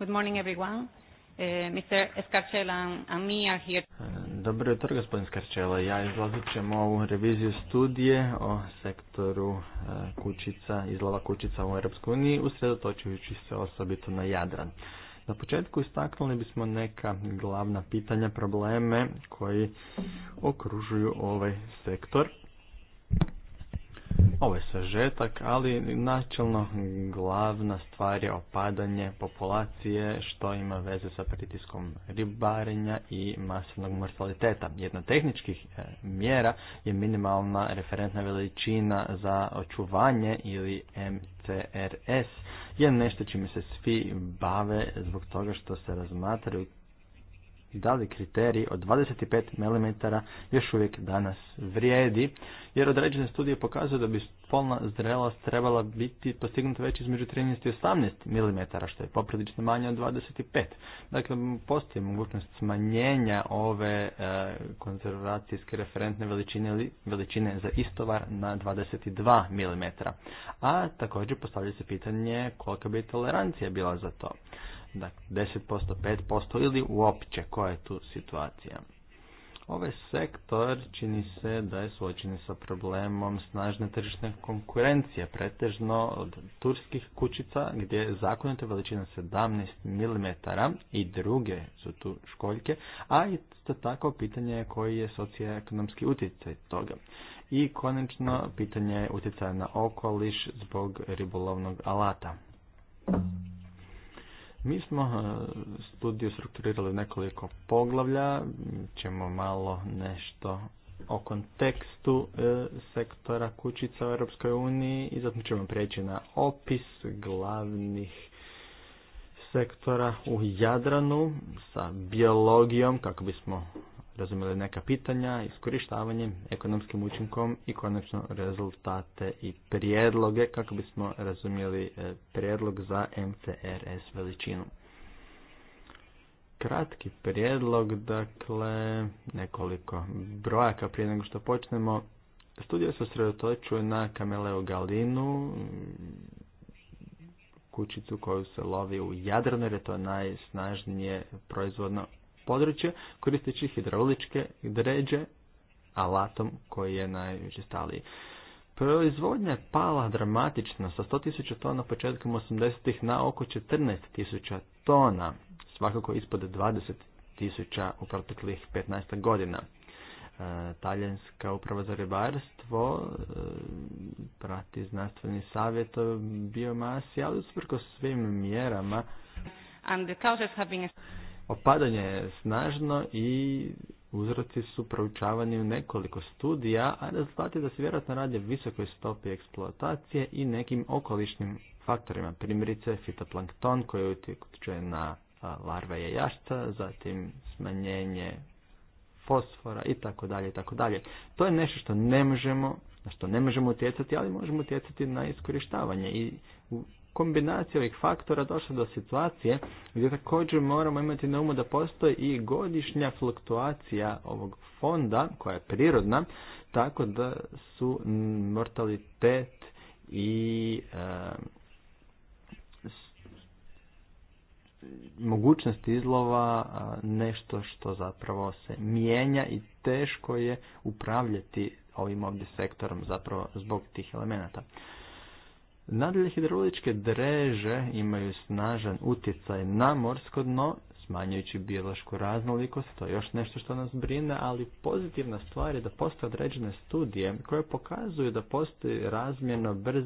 Good morning everyone. Eh, Mr. Eh, dobro jutro, gospodin Skarčela. Ja izlazit ćemo ovu reviziju studije o sektoru eh, kućica, izlova kućica u EU, uniji, usredotočujući se osobito na Jadran. Na početku istaknuli bismo neka glavna pitanja, probleme koji okružuju ovaj sektor ovo je sažetak, ali načelno glavna stvar je opadanje populacije što ima veze sa pritiskom ribarenja i masivnog mortaliteta. Jedna tehničkih e, mjera je minimalna referentna veličina za očuvanje ili MCRS je nešto čime se svi bave zbog toga što se razmatraju da li kriterij od 25 mm još uvijek danas vrijedi, jer određene studije pokazuju da bi spolna zrelost trebala biti postignuta već između 13 i 18 mm, što je poprilično manje od 25. Dakle, postoji mogućnost smanjenja ove e, konzervacijske referentne veličine ili veličine za istovar na 22 mm. A također postavlja se pitanje kolika bi tolerancija bila za to dakle 10%, 5% ili uopće koja je tu situacija. Ovaj sektor čini se da je suočen sa problemom snažne tržišne konkurencije, pretežno od turskih kućica gdje je zakonita veličina 17 mm i druge su tu školjke, a isto tako pitanje je koji je socioekonomski utjecaj toga. I konačno pitanje je utjecaja na okoliš zbog ribolovnog alata. Mi smo e, studiju strukturirali nekoliko poglavlja, ćemo malo nešto o kontekstu e, sektora kućica u Europskoj uniji i zatim ćemo prijeći na opis glavnih sektora u Jadranu sa biologijom kako bismo razumjeli neka pitanja, iskorištavanjem, ekonomskim učinkom i konačno rezultate i prijedloge kako bismo razumjeli e, prijedlog za MCRS veličinu. Kratki prijedlog, dakle, nekoliko brojaka prije nego što počnemo. Studija se sredotočuje na kameleo galinu, kućicu koju se lovi u Jadranu jer je to najsnažnije proizvodno područje koristeći hidrauličke dređe alatom koji je najučestaliji. Proizvodnja je pala dramatično sa 100.000 tona početkom 80-ih na oko 14.000 tona, svakako ispod 20.000 u proteklih 15 godina. Taljanska e, Talijanska uprava za ribarstvo e, prati znanstveni savjet o biomasi, ali usprko svim mjerama. Opadanje je snažno i uzroci su proučavani u nekoliko studija, a rezultati da se vjerojatno radi o visokoj stopi eksploatacije i nekim okolišnim faktorima, primjerice fitoplankton koji utječe na larve jajašca, zatim smanjenje fosfora i tako dalje i tako dalje. To je nešto što ne možemo, na što ne možemo utjecati, ali možemo utjecati na iskorištavanje i kombinacija ovih faktora došla do situacije gdje također moramo imati na umu da postoji i godišnja fluktuacija ovog fonda koja je prirodna, tako da su mortalitet i e, mogućnost izlova nešto što zapravo se mijenja i teško je upravljati ovim ovdje sektorom zapravo zbog tih elemenata. Nadalje, hidroličke dreže imaju snažan utjecaj na morsko dno, smanjujući biološku raznolikost, to je još nešto što nas brine, ali pozitivna stvar je da postoje određene studije koje pokazuju da postoji razmjerno brz,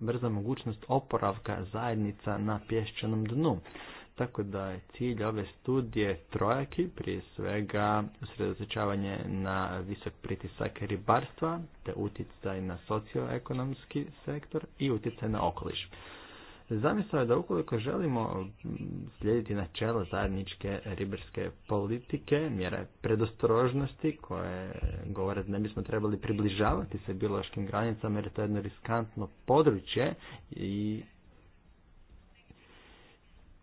brza mogućnost oporavka zajednica na pješčanom dnu. Tako da je cilj ove studije trojaki, prije svega usredotočavanje na visok pritisak ribarstva, te utjecaj na socioekonomski sektor i utjecaj na okoliš. Zamislite je da ukoliko želimo slijediti načelo zajedničke ribarske politike, mjere predostrožnosti koje govore da ne bismo trebali približavati se biološkim granicama jer to je jedno riskantno područje i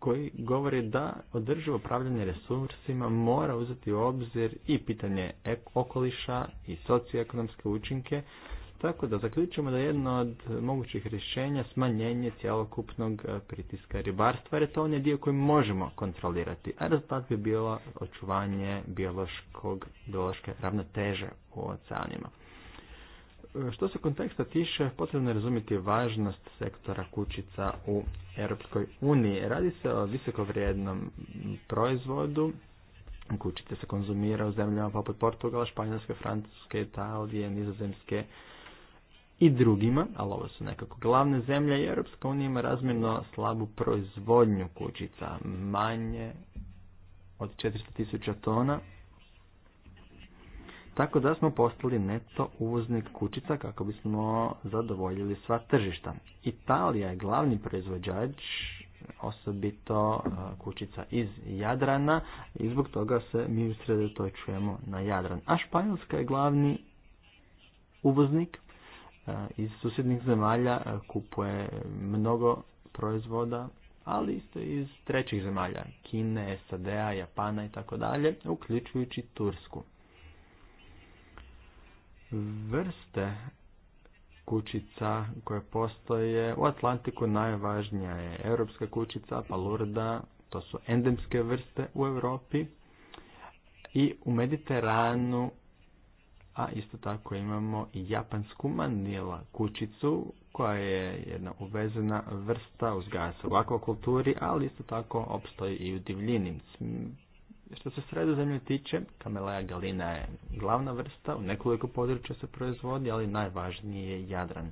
koji govori da održivo upravljanje resursima mora uzeti u obzir i pitanje okoliša i socioekonomske učinke, tako da zaključujemo da jedno od mogućih rješenja smanjenje cjelokupnog e, pritiska ribarstva, jer je to on dio koji možemo kontrolirati, a rezultat bi bilo očuvanje biološkog, biološke ravnoteže u oceanima. Što se konteksta tiše, potrebno je razumjeti važnost sektora kućica u Europskoj uniji. Radi se o visokovrijednom proizvodu. Kućice se konzumira u zemljama poput Portugala, Španjolske, Francuske, Italije, Nizozemske i drugima, ali ovo su nekako glavne zemlje i Europska unija ima razmjerno slabu proizvodnju kućica, manje od 400 tisuća tona tako da smo postali neto uvoznik kućica kako bismo zadovoljili sva tržišta. Italija je glavni proizvođač osobito e, kućica iz Jadrana i zbog toga se mi usredotočujemo na Jadran. A Španjolska je glavni uvoznik e, iz susjednih zemalja, e, kupuje mnogo proizvoda, ali isto iz trećih zemalja, Kine, SAD-a, Japana i tako dalje, uključujući Tursku vrste kućica koje postoje u Atlantiku najvažnija je europska kućica, palurda, to su endemske vrste u Europi i u Mediteranu, a isto tako imamo i japansku manila kućicu koja je jedna uvezena vrsta uzgaja se u akvakulturi, ali isto tako opstoji i u divljinim što se sredozemlju tiče, kameleja galina je glavna vrsta, u nekoliko područja se proizvodi, ali najvažniji je Jadran.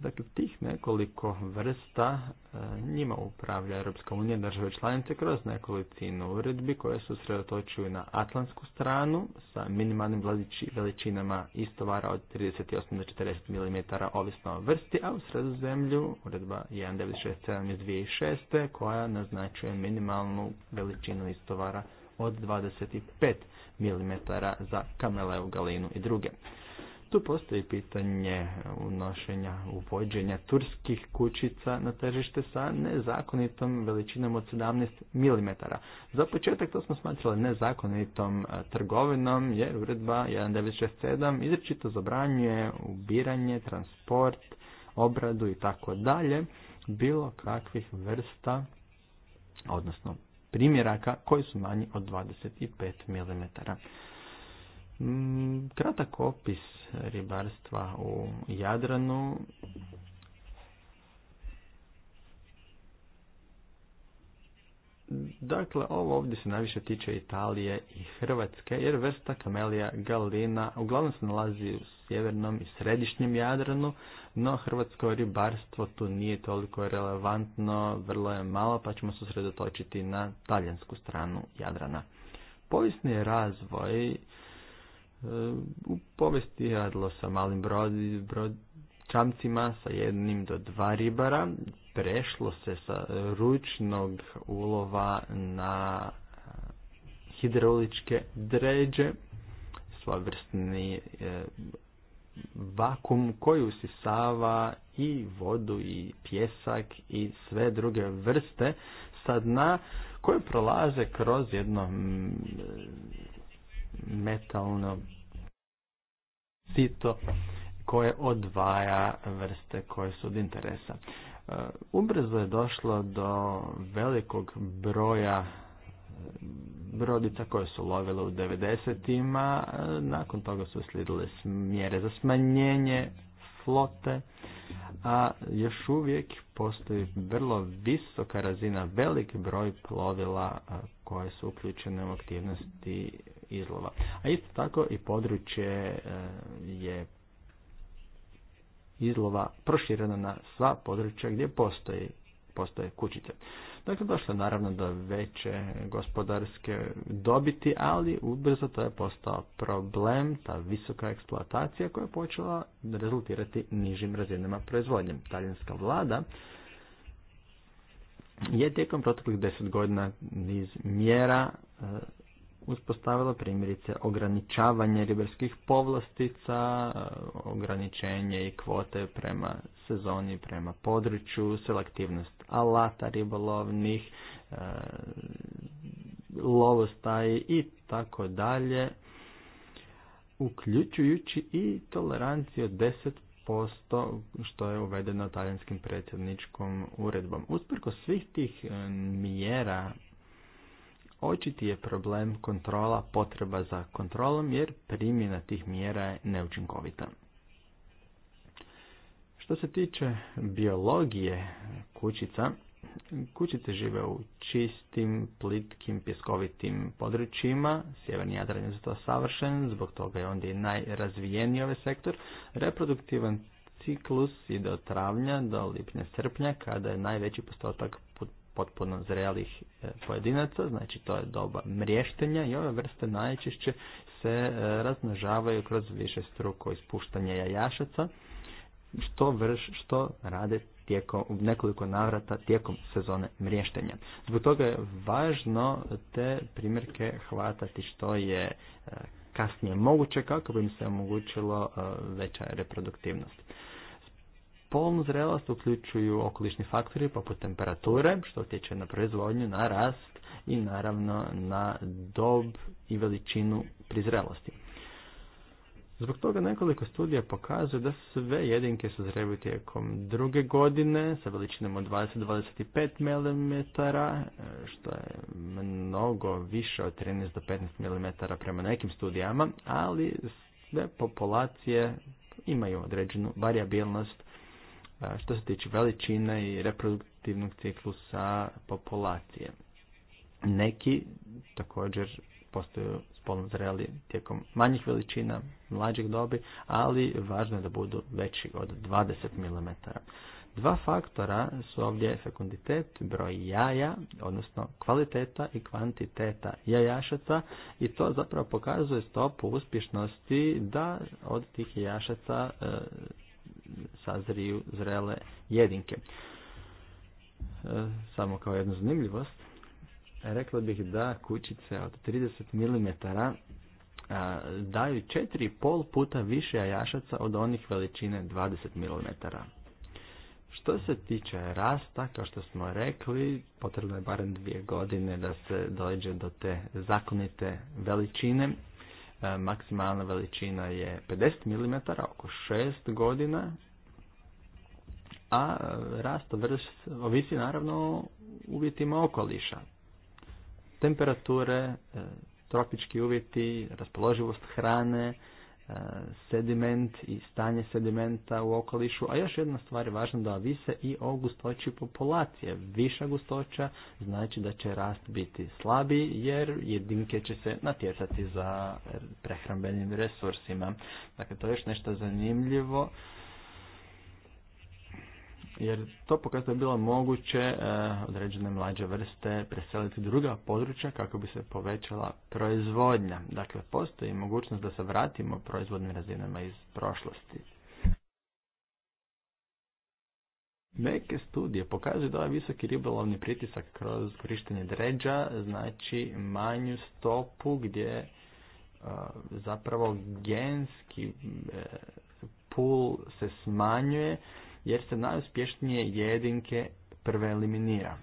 Dakle, tih nekoliko vrsta e, njima upravlja Europska unija države članice kroz nekolicinu uredbi koje se sredotočuju na atlantsku stranu sa minimalnim veličinama istovara od 38 do 40 mm ovisno o vrsti, a u sredozemlju uredba 1967 iz 2006 koja naznačuje minimalnu veličinu istovara od 25 mm za kameleu, galinu i druge. Tu postoji pitanje unošenja, uvođenja turskih kućica na tržište sa nezakonitom veličinom od 17 mm. Za početak to smo smatrali nezakonitom trgovinom jer uredba 1967 izrečito zabranjuje ubiranje, transport, obradu i tako dalje bilo kakvih vrsta odnosno primjeraka koji su manji od 25 mm. Kratak opis ribarstva u Jadranu. Dakle, ovo ovdje se najviše tiče Italije i Hrvatske, jer vrsta kamelija galina uglavnom se nalazi u sjevernom i središnjem Jadranu, no hrvatsko ribarstvo tu nije toliko relevantno, vrlo je malo, pa ćemo se sredotočiti na talijansku stranu Jadrana. je razvoj u povijesti radilo sa malim brodčamcima sa jednim do dva ribara. Prešlo se sa ručnog ulova na eh, hidrauličke dređe, svojvrstni e, eh, vakum koji usisava i vodu i pjesak i sve druge vrste sa dna koje prolaze kroz jedno mm, metalno Sito koje odvaja vrste koje su od interesa. E, ubrzo je došlo do velikog broja e, brodica koje su lovile u 90-ima, e, nakon toga su slijedile mjere za smanjenje flote, a još uvijek postoji vrlo visoka razina, velik broj plovila koje su uključene u aktivnosti izlova. A isto tako i područje e, je izlova proširena na sva područja gdje postoji, postoje kućice. Dakle, došlo je naravno do veće gospodarske dobiti, ali ubrzo to je postao problem, ta visoka eksploatacija koja je počela rezultirati nižim razinama proizvodnje. Talijanska vlada je tijekom proteklih deset godina niz mjera e, uspostavila primjerice ograničavanje ribarskih povlastica, ograničenje i kvote prema sezoni, prema području, selektivnost alata ribolovnih, e, lovostaji i tako dalje, uključujući i toleranciju 10% što je uvedeno talijanskim predsjedničkom uredbom. Usprko svih tih e, mjera očiti je problem kontrola potreba za kontrolom jer primjena tih mjera je neučinkovita. Što se tiče biologije kućica, kućice žive u čistim, plitkim, pjeskovitim područjima. Sjeverni Jadran je za to savršen, zbog toga je onda i najrazvijeniji ovaj sektor. Reproduktivan ciklus ide od travnja do lipnja srpnja kada je najveći postotak potpuno zrelih e, pojedinaca, znači to je doba mriještenja i ove vrste najčešće se e, razmnožavaju kroz više struko ispuštanje jajašaca, što, vrš, što rade tijekom, nekoliko navrata tijekom sezone mriještenja. Zbog toga je važno te primjerke hvatati što je e, kasnije moguće kako bi im se omogućilo veća reproduktivnost. Polnu zrelost uključuju okolišni faktori poput temperature, što utječe na proizvodnju, na rast i naravno na dob i veličinu prizrelosti. Zbog toga nekoliko studija pokazuje da sve jedinke su zrevi tijekom druge godine sa veličinom od 20-25 mm, što je mnogo više od 13 do 15 mm prema nekim studijama, ali sve populacije imaju određenu variabilnost što se tiče veličine i reproduktivnog ciklusa populacije. Neki također postaju spolno zreli tijekom manjih veličina, mlađih dobi, ali važno je da budu veći od 20 mm. Dva faktora su ovdje fekunditet, broj jaja, odnosno kvaliteta i kvantiteta jajašaca i to zapravo pokazuje stopu uspješnosti da od tih jajašaca e, sazriju zrele jedinke. E, samo kao jednu zanimljivost, rekla bih da kućice od 30 mm e, daju 4,5 puta više jajašaca od onih veličine 20 mm. Što se tiče rasta, kao što smo rekli, potrebno je barem dvije godine da se dođe do te zakonite veličine E, maksimalna veličina je 50 mm, oko 6 godina, a e, rast ovisi naravno o uvjetima okoliša. Temperature, e, tropički uvjeti, raspoloživost hrane, E, sediment i stanje sedimenta u okolišu, a još jedna stvar je važna da vise i o gustoći populacije. Viša gustoća znači da će rast biti slabiji jer jedinke će se natjecati za prehrambenim resursima. Dakle, to je još nešto zanimljivo jer to pokazuje da je bilo moguće eh, određene mlađe vrste preseliti druga područja kako bi se povećala proizvodnja. Dakle, postoji mogućnost da se vratimo proizvodnim razinama iz prošlosti. Neke studije pokazuju da ovaj visoki ribolovni pritisak kroz korištenje dređa znači manju stopu gdje eh, zapravo genski eh, pul se smanjuje jer se najuspješnije jedinke prve eliminira.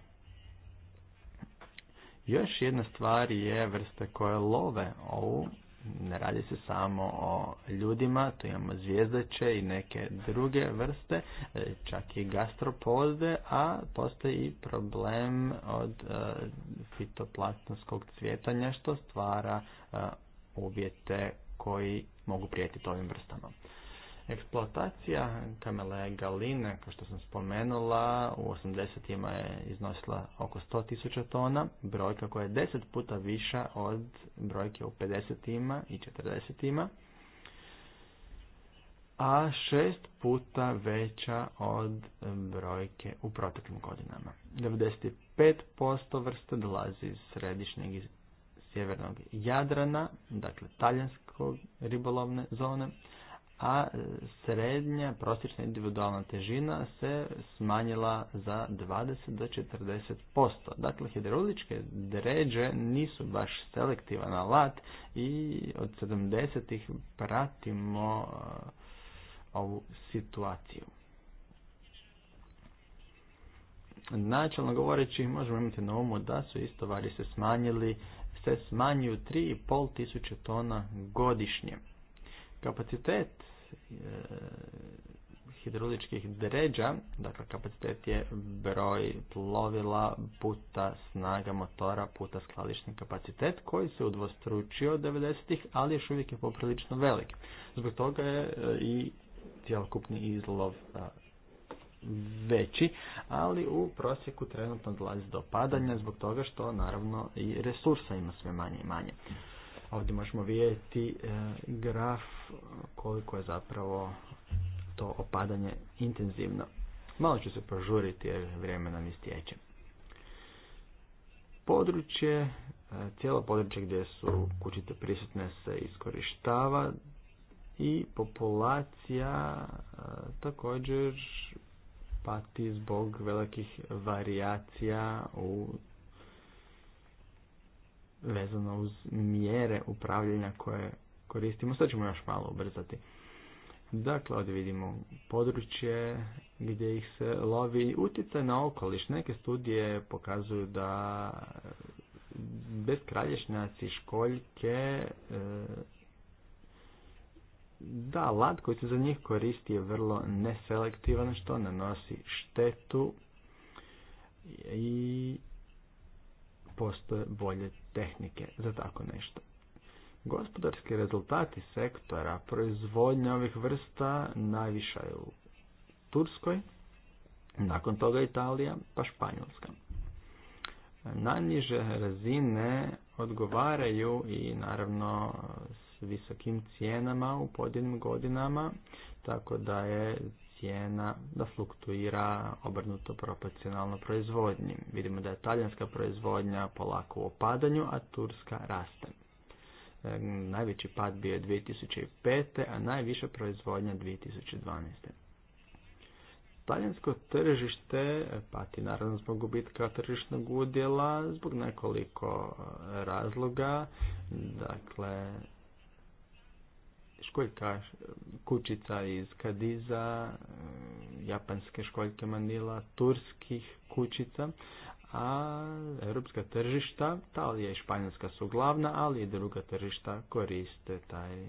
Još jedna stvar je vrste koje love ovu. Ne radi se samo o ljudima, tu imamo zvijezdeće i neke druge vrste, e, čak i gastropoze. a postoji i problem od e, fitoplanktonskog cvjetanja što stvara e, uvjete koji mogu prijetiti ovim vrstama. Eksploatacija kamele galine, kao što sam spomenula, u 80-ima je iznosila oko 100.000 tona, brojka koja je 10 puta viša od brojke u 50-ima i 40-ima, a 6 puta veća od brojke u proteklim godinama. 95% vrste dolazi iz središnjeg i sjevernog Jadrana, dakle talijanskog ribolovne zone, a srednja prosječna individualna težina se smanjila za 20 do 40%. Dakle, hidrauličke dređe nisu baš selektivan alat i od 70-ih pratimo uh, ovu situaciju. Načelno govoreći možemo imati na umu da su istovari se smanjili, se smanjuju 3,5 tisuće tona godišnje Kapacitet e, hidroličkih dređa, dakle kapacitet je broj plovila puta snaga motora puta skladišni kapacitet koji se udvostručio od 90-ih, ali još uvijek je poprilično velik. Zbog toga je e, i cjelokupni izlov e, veći, ali u prosjeku trenutno dolazi do padanja zbog toga što naravno i resursa ima sve manje i manje. Ovdje možemo vidjeti e, graf koliko je zapravo to opadanje intenzivno. Malo ću se požuriti jer vrijeme nam istječe. Područje, e, cijelo područje gdje su kućice prisutne se iskorištava i populacija e, također pati zbog velikih varijacija u vezano uz mjere upravljanja koje koristimo. Sad ćemo još malo ubrzati. Dakle, ovdje vidimo područje gdje ih se lovi utjecaj na okoliš. Neke studije pokazuju da bez kralješnjaci školjke e, da, lad koji se za njih koristi je vrlo neselektivan što nanosi štetu i postoje bolje tehnike za tako nešto. Gospodarski rezultati sektora proizvodnja ovih vrsta najviša je u Turskoj, nakon toga Italija pa Španjolska. Najniže razine odgovaraju i naravno s visokim cijenama u pojedinim godinama, tako da je cijena da fluktuira obrnuto proporcionalno proizvodnji. Vidimo da je talijanska proizvodnja polako u opadanju, a turska raste. E, najveći pad bio je 2005. a najviše proizvodnja 2012. Talijansko tržište pati naravno zbog gubitka tržišnog udjela, zbog nekoliko e, razloga, dakle školjka kućica iz Kadiza, e, japanske školjke Manila, turskih kućica, a europska tržišta, Italija i Španjolska su glavna, ali i druga tržišta koriste taj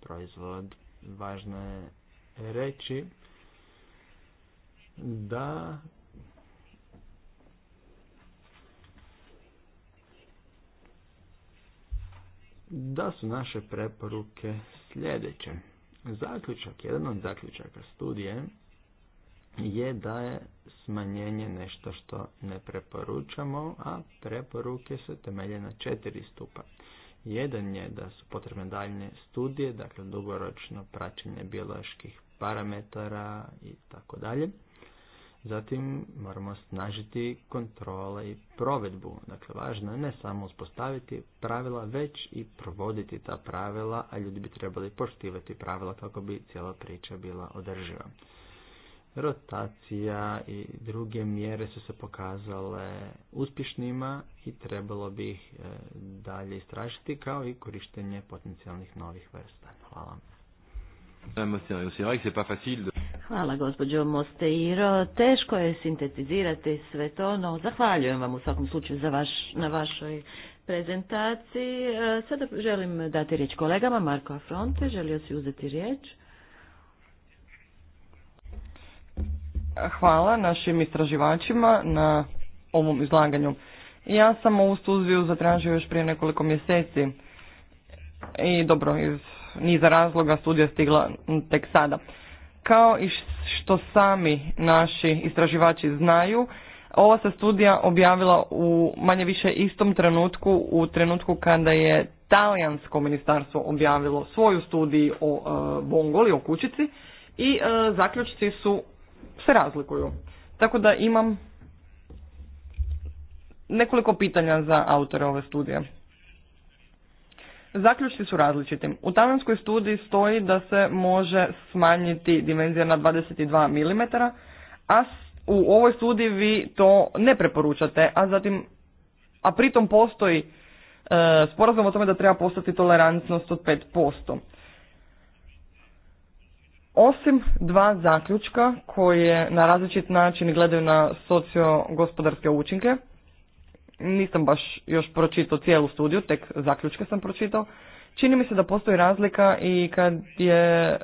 proizvod. Važno je reći da da su naše preporuke sljedeće. Zaključak, jedan od zaključaka studije je da je smanjenje nešto što ne preporučamo, a preporuke se temelje na četiri stupa. Jedan je da su potrebne daljne studije, dakle dugoročno praćenje bioloških parametara i tako dalje. Zatim moramo snažiti kontrole i provedbu. Dakle, važno je ne samo uspostaviti pravila, već i provoditi ta pravila, a ljudi bi trebali poštivati pravila kako bi cijela priča bila održiva. Rotacija i druge mjere su se pokazale uspješnima i trebalo bi ih e, dalje istražiti kao i korištenje potencijalnih novih vrsta. Hvala. Ah, Hvala gospođo Mosteiro. Teško je sintetizirati sve to, no zahvaljujem vam u svakom slučaju za vaš, na vašoj prezentaciji. E, sada želim dati riječ kolegama. Marko Afronte, želio si uzeti riječ? Hvala našim istraživačima na ovom izlaganju. Ja sam ovu studiju zatražio još prije nekoliko mjeseci i dobro iz za razloga studija stigla tek sada. Kao i što sami naši istraživači znaju, ova se studija objavila u manje više istom trenutku, u trenutku kada je talijansko ministarstvo objavilo svoju studiju o e, Bongoli, o kućici i e, zaključci su se razlikuju. Tako da imam nekoliko pitanja za autore ove studije. Zaključci su različiti. U talijanskoj studiji stoji da se može smanjiti dimenzija na 22 mm, a u ovoj studiji vi to ne preporučate, a zatim, a pritom postoji e, sporazum o tome da treba postati tolerancnost od 5%. Osim dva zaključka koje na različit način gledaju na sociogospodarske učinke, nisam baš još pročitao cijelu studiju, tek zaključke sam pročitao. Čini mi se da postoji razlika i kad je,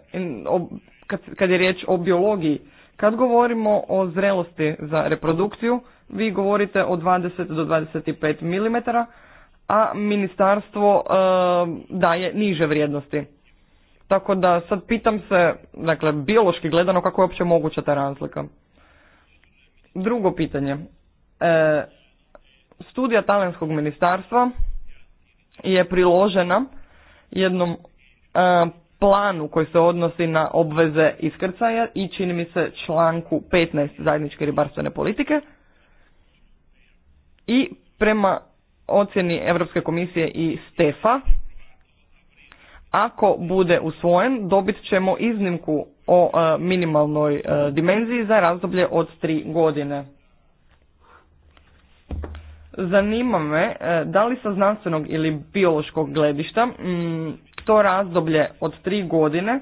kad, kad je riječ o biologiji. Kad govorimo o zrelosti za reprodukciju, vi govorite o 20 do 25 mm, a ministarstvo eh, daje niže vrijednosti. Tako da sad pitam se, dakle, biološki gledano kako je uopće moguća ta razlika. Drugo pitanje. E, studija talijanskog ministarstva je priložena jednom e, planu koji se odnosi na obveze iskrcaja i čini mi se članku 15 zajedničke ribarstvene politike i prema ocjeni Europske komisije i Stefa ako bude usvojen dobit ćemo iznimku o e, minimalnoj e, dimenziji za razdoblje od tri godine. Zanima me e, da li sa znanstvenog ili biološkog gledišta mm, to razdoblje od tri godine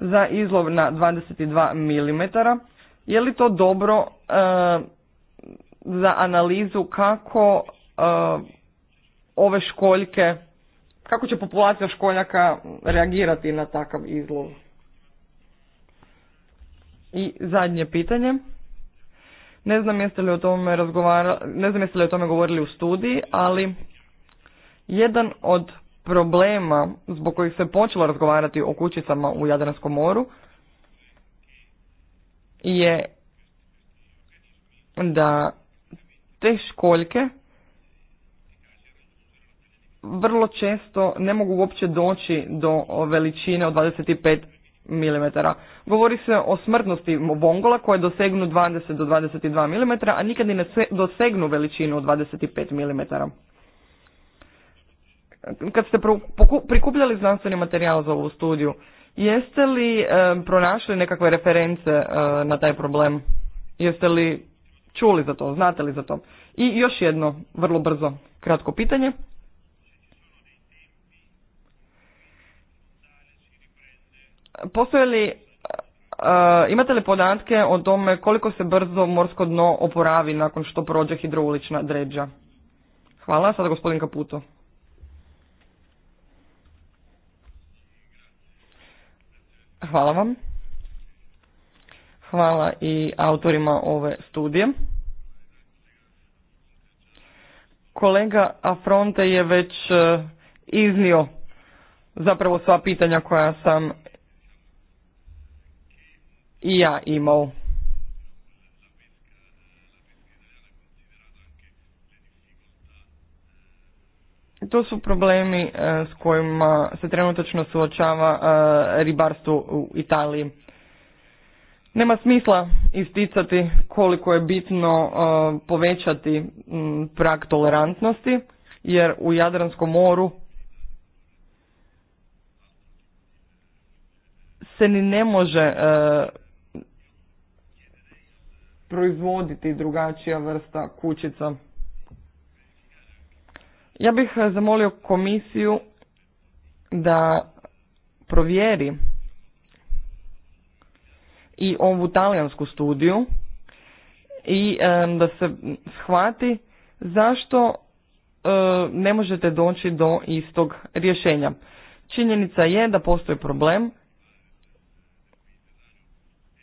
za izlov na 22 mm, je li to dobro e, za analizu kako e, ove školjke, kako će populacija školjaka reagirati na takav izlov? I zadnje pitanje. Ne znam jeste li o tome ne znam jeste li o tome govorili u studiji, ali jedan od problema zbog kojih se počelo razgovarati o kućicama u Jadranskom moru je da te školjke vrlo često ne mogu uopće doći do veličine od 25 mm. Govori se o smrtnosti bongola koje dosegnu 20 do 22 mm, a nikad ni ne dosegnu veličinu od 25 mm. Kad ste prikupljali znanstveni materijal za ovu studiju, jeste li e, pronašli nekakve reference e, na taj problem? Jeste li čuli za to, znate li za to? I još jedno, vrlo brzo, kratko pitanje. postoje li e, e, imate li podatke o tome koliko se brzo morsko dno oporavi nakon što prođe hidroulična dređa? Hvala, sada gospodin Kaputo. Hvala vam. Hvala i autorima ove studije. Kolega Afronte je već e, iznio zapravo sva pitanja koja sam i ja imao. To su problemi e, s kojima se trenutačno suočava e, ribarstvo u Italiji. Nema smisla isticati koliko je bitno e, povećati prag tolerantnosti, jer u Jadranskom moru se ni ne može proizvoditi drugačija vrsta kućica. Ja bih eh, zamolio komisiju da provjeri i ovu talijansku studiju i da se shvati zašto eh, ne možete doći do istog rješenja. Činjenica je da postoji problem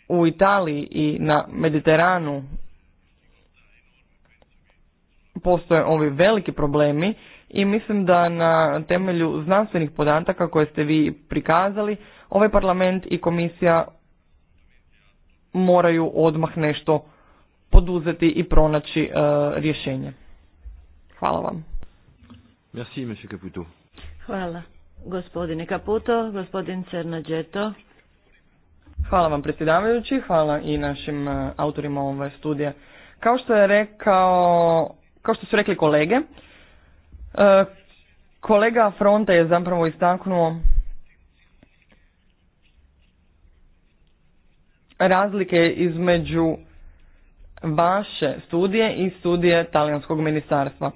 u Italiji i na Mediteranu postoje ovi veliki problemi i mislim da na temelju znanstvenih podataka koje ste vi prikazali, ovaj parlament i komisija moraju odmah nešto poduzeti i pronaći e, rješenje. Hvala vam. Merci, Hvala. Gospodine Caputo, gospodin Hvala vam predsjedavajući, hvala i našim e, autorima ove studije. Kao što je rekao, kao što su rekli kolege, e, kolega fronta je zapravo istaknuo razlike između vaše studije i studije talijanskog ministarstva.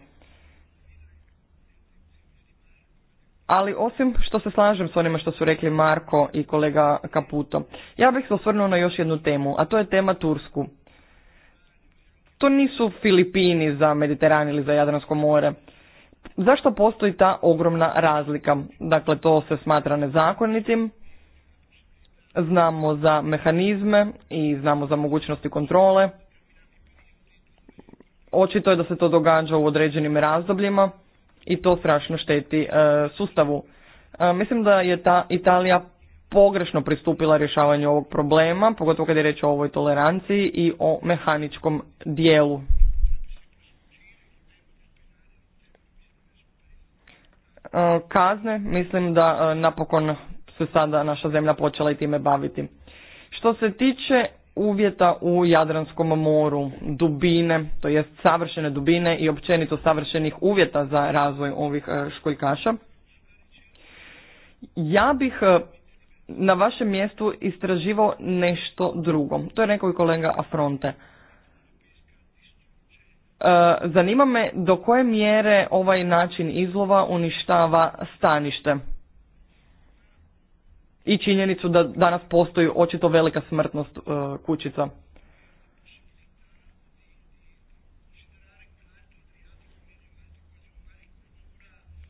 ali osim što se slažem s onima što su rekli Marko i kolega Kaputo, ja bih se osvrnuo na još jednu temu, a to je tema Tursku. To nisu Filipini za Mediteran ili za Jadransko more. Zašto postoji ta ogromna razlika? Dakle, to se smatra nezakonitim, znamo za mehanizme i znamo za mogućnosti kontrole. Očito je da se to događa u određenim razdobljima i to strašno šteti e, sustavu. E, mislim da je ta Italija pogrešno pristupila rješavanju ovog problema, pogotovo kad je reč o ovoj toleranciji i o mehaničkom dijelu. E, kazne, mislim da napokon se sada naša zemlja počela i time baviti. Što se tiče uvjeta u Jadranskom moru, dubine, to jest savršene dubine i općenito savršenih uvjeta za razvoj ovih e, školjkaša. Ja bih e, na vašem mjestu istraživao nešto drugo. To je rekao i kolega Afronte. E, zanima me do koje mjere ovaj način izlova uništava stanište i činjenicu da danas postoji očito velika smrtnost e, kućica.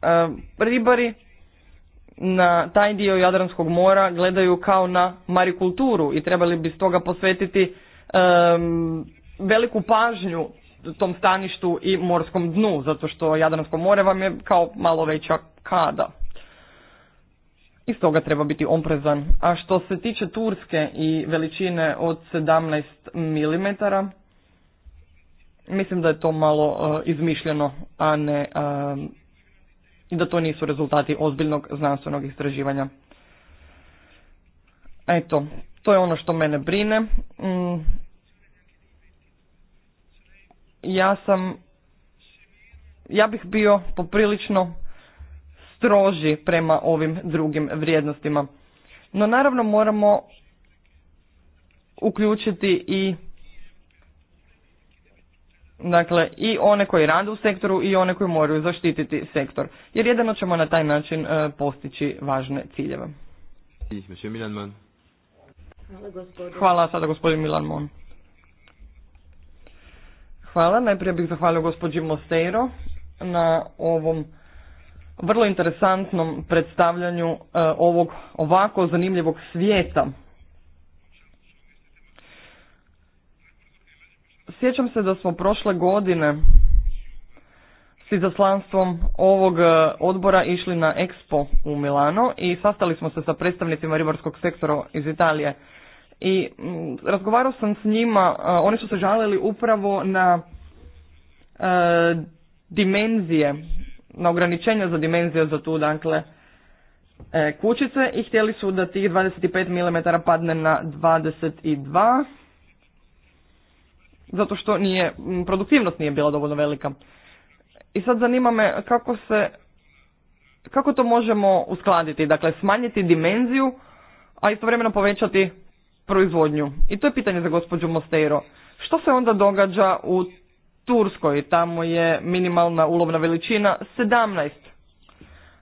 E, ribari na taj dio Jadranskog mora gledaju kao na marikulturu i trebali bi stoga posvetiti e, veliku pažnju tom staništu i morskom dnu, zato što Jadransko more vam je kao malo veća kada i stoga treba biti oprezan. A što se tiče Turske i veličine od 17 mm, mislim da je to malo e, izmišljeno, a ne e, i da to nisu rezultati ozbiljnog znanstvenog istraživanja. Eto, to je ono što mene brine. Mm, ja sam, ja bih bio poprilično stroži prema ovim drugim vrijednostima. No naravno moramo uključiti i dakle i one koji rade u sektoru i one koji moraju zaštititi sektor jer jedino ćemo na taj način e, postići važne ciljeve. Hvala sada gospodin Milan Mon. Hvala, najprije bih zahvalio gospođi Mosteiro na ovom vrlo interesantnom predstavljanju e, ovog ovako zanimljivog svijeta. Sjećam se da smo prošle godine s izaslanstvom ovog e, odbora išli na Expo u Milano i sastali smo se sa predstavnicima ribarskog sektora iz Italije. I razgovarao sam s njima, e, oni su se žalili upravo na dimenzije na ograničenja za dimenziju za tu dakle e, kućice i htjeli su da tih 25 mm padne na 22 zato što nije, produktivnost nije bila dovoljno velika. I sad zanima me kako se, kako to možemo uskladiti, dakle smanjiti dimenziju, a istovremeno povećati proizvodnju. I to je pitanje za gospođu Mosteiro. Što se onda događa u Turskoj. Tamo je minimalna ulovna veličina 17.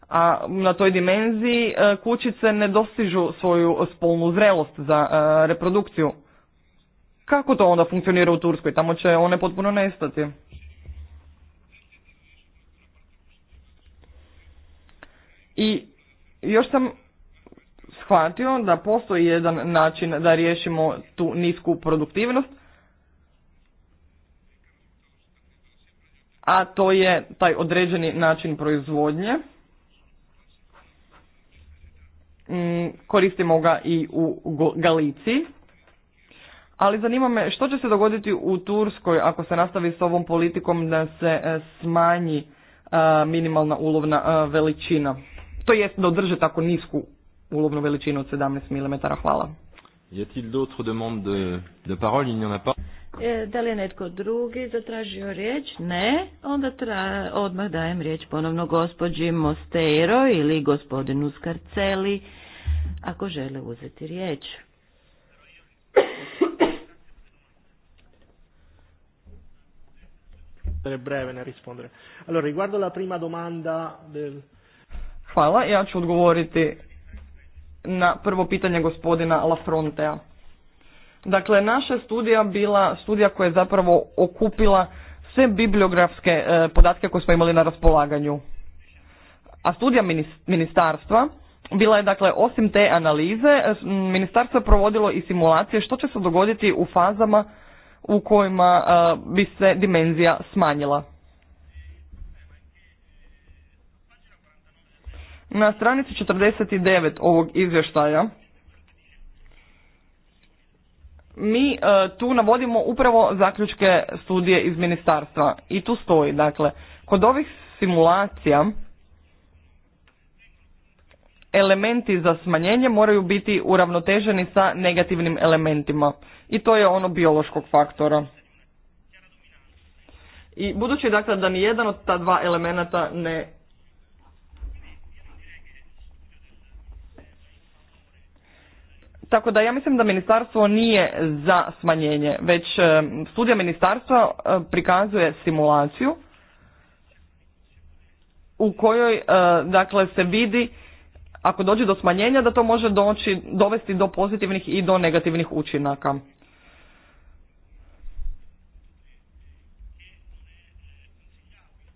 A na toj dimenziji e, kućice ne dostižu svoju spolnu zrelost za e, reprodukciju. Kako to onda funkcionira u Turskoj? Tamo će one potpuno nestati. I još sam shvatio da postoji jedan način da riješimo tu nisku produktivnost, a to je taj određeni način proizvodnje. Mm, koristimo ga i u Galiciji. Ali zanima me što će se dogoditi u Turskoj ako se nastavi s ovom politikom da se e, smanji e, minimalna ulovna e, veličina. To jest da održe tako nisku ulovnu veličinu od 17 mm. Hvala. Y a-t-il d'autres demandes de, de parole Il n'y en a pas. E, da li je netko drugi zatražio riječ? Ne. Onda tra, odmah dajem riječ ponovno gospođi mostero ili gospodinu Skarceli ako žele uzeti riječ. breve ne rispondere. Allora, riguardo la prima domanda del... Hvala, ja ću odgovoriti na prvo pitanje gospodina Lafrontea. Dakle, naša studija bila studija koja je zapravo okupila sve bibliografske e, podatke koje smo imali na raspolaganju. A studija ministarstva bila je dakle osim te analize, e, ministarstvo je provodilo i simulacije što će se dogoditi u fazama u kojima e, bi se dimenzija smanjila. Na stranici 49 ovog izvještaja mi e, tu navodimo upravo zaključke studije iz ministarstva i tu stoji dakle kod ovih simulacija elementi za smanjenje moraju biti uravnoteženi sa negativnim elementima i to je ono biološkog faktora. I budući dakle da ni jedan od ta dva elementa ne Tako da ja mislim da ministarstvo nije za smanjenje, već e, studija ministarstva e, prikazuje simulaciju u kojoj e, dakle se vidi ako dođe do smanjenja da to može doći, dovesti do pozitivnih i do negativnih učinaka.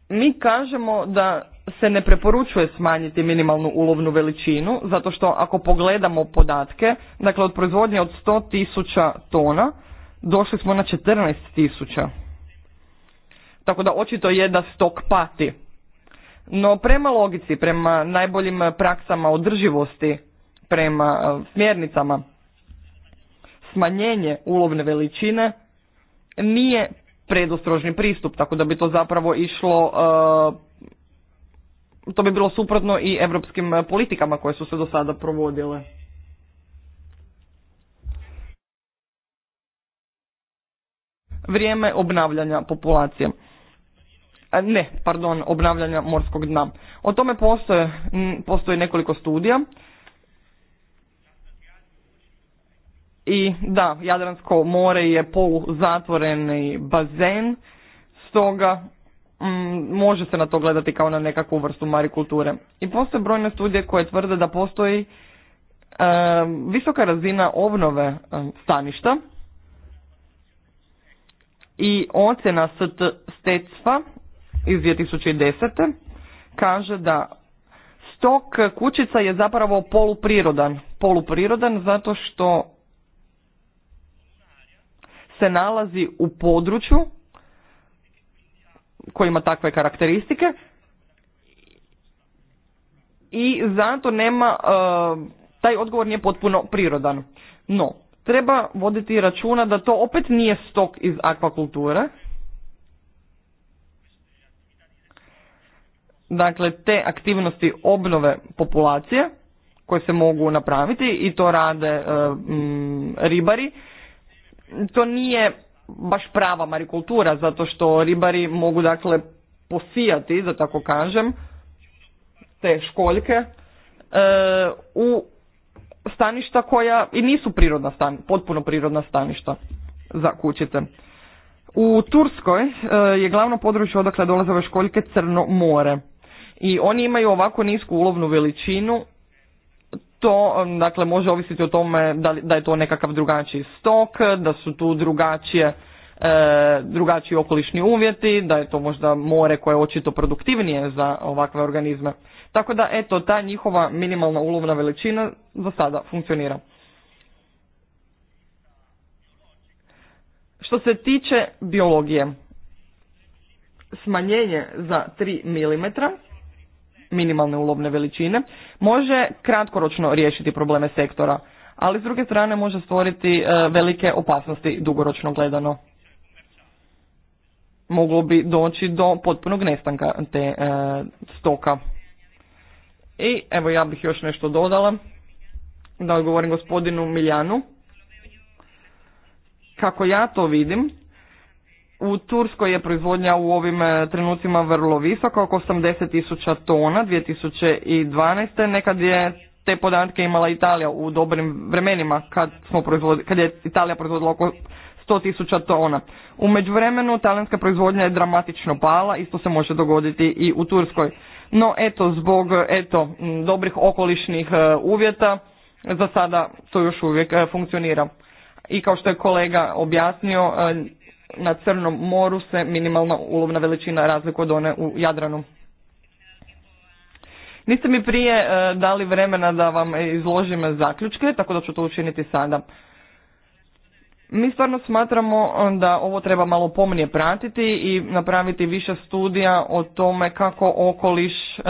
mi kažemo da se ne preporučuje smanjiti minimalnu ulovnu veličinu, zato što ako pogledamo podatke, dakle od proizvodnje od 100 tisuća tona, došli smo na 14 tisuća. Tako da očito je da stok pati. No prema logici, prema najboljim praksama održivosti, prema e, smjernicama, smanjenje ulovne veličine nije predostrožni pristup, tako da bi to zapravo išlo, e, to bi bilo suprotno i europskim e, politikama koje su se do sada provodile. Vrijeme obnavljanja populacije. E, ne, pardon, obnavljanja morskog dna. O tome postoje, postoji nekoliko studija. I da, Jadransko more je poluzatvoreni bazen, stoga mm, može se na to gledati kao na nekakvu vrstu marikulture. I postoje brojne studije koje tvrde da postoji visoka razina obnove staništa i ocjena ST Stecfa iz 2010. kaže da stok kućica je zapravo poluprirodan. Poluprirodan zato što se nalazi u području koji ima takve karakteristike i zato nema, e, taj odgovor nije potpuno prirodan. No, treba voditi računa da to opet nije stok iz akvakulture. Dakle, te aktivnosti obnove populacije koje se mogu napraviti i to rade e, ribari to nije baš prava marikultura zato što ribari mogu dakle posijati da tako kažem te školjke e, u staništa koja i nisu prirodna stan, potpuno prirodna staništa za kućice. U Turskoj e, je glavno područje odakle dolaze školjke Crno more. I oni imaju ovako nisku ulovnu veličinu to um, dakle može ovisiti o tome da, da je to nekakav drugačiji stok, da su tu drugačije e, drugačiji okolišni uvjeti, da je to možda more koje je očito produktivnije za ovakve organizme. Tako da eto ta njihova minimalna ulovna veličina za sada funkcionira. Što se tiče biologije, smanjenje za 3 mm minimalne ulovne veličine može kratkoročno riješiti probleme sektora, ali s druge strane može stvoriti e, velike opasnosti dugoročno gledano. Moglo bi doći do potpunog nestanka te e, stoka. I evo ja bih još nešto dodala da odgovorim gospodinu Miljanu. Kako ja to vidim, u Turskoj je proizvodnja u ovim e, trenucima vrlo visoka, oko 80 tisuća tona 2012. Nekad je te podatke imala Italija u dobrim vremenima kad, smo kad je Italija proizvodila oko 100 tisuća tona. U međuvremenu talijanska proizvodnja je dramatično pala, isto se može dogoditi i u Turskoj. No eto, zbog eto, dobrih okolišnih e, uvjeta, za sada to još uvijek e, funkcionira. I kao što je kolega objasnio, na Crnom moru se minimalna ulovna veličina razliku od one u Jadranu. Niste mi prije e, dali vremena da vam izložim zaključke, tako da ću to učiniti sada. Mi stvarno smatramo e, da ovo treba malo pomnije pratiti i napraviti više studija o tome kako okoliš e,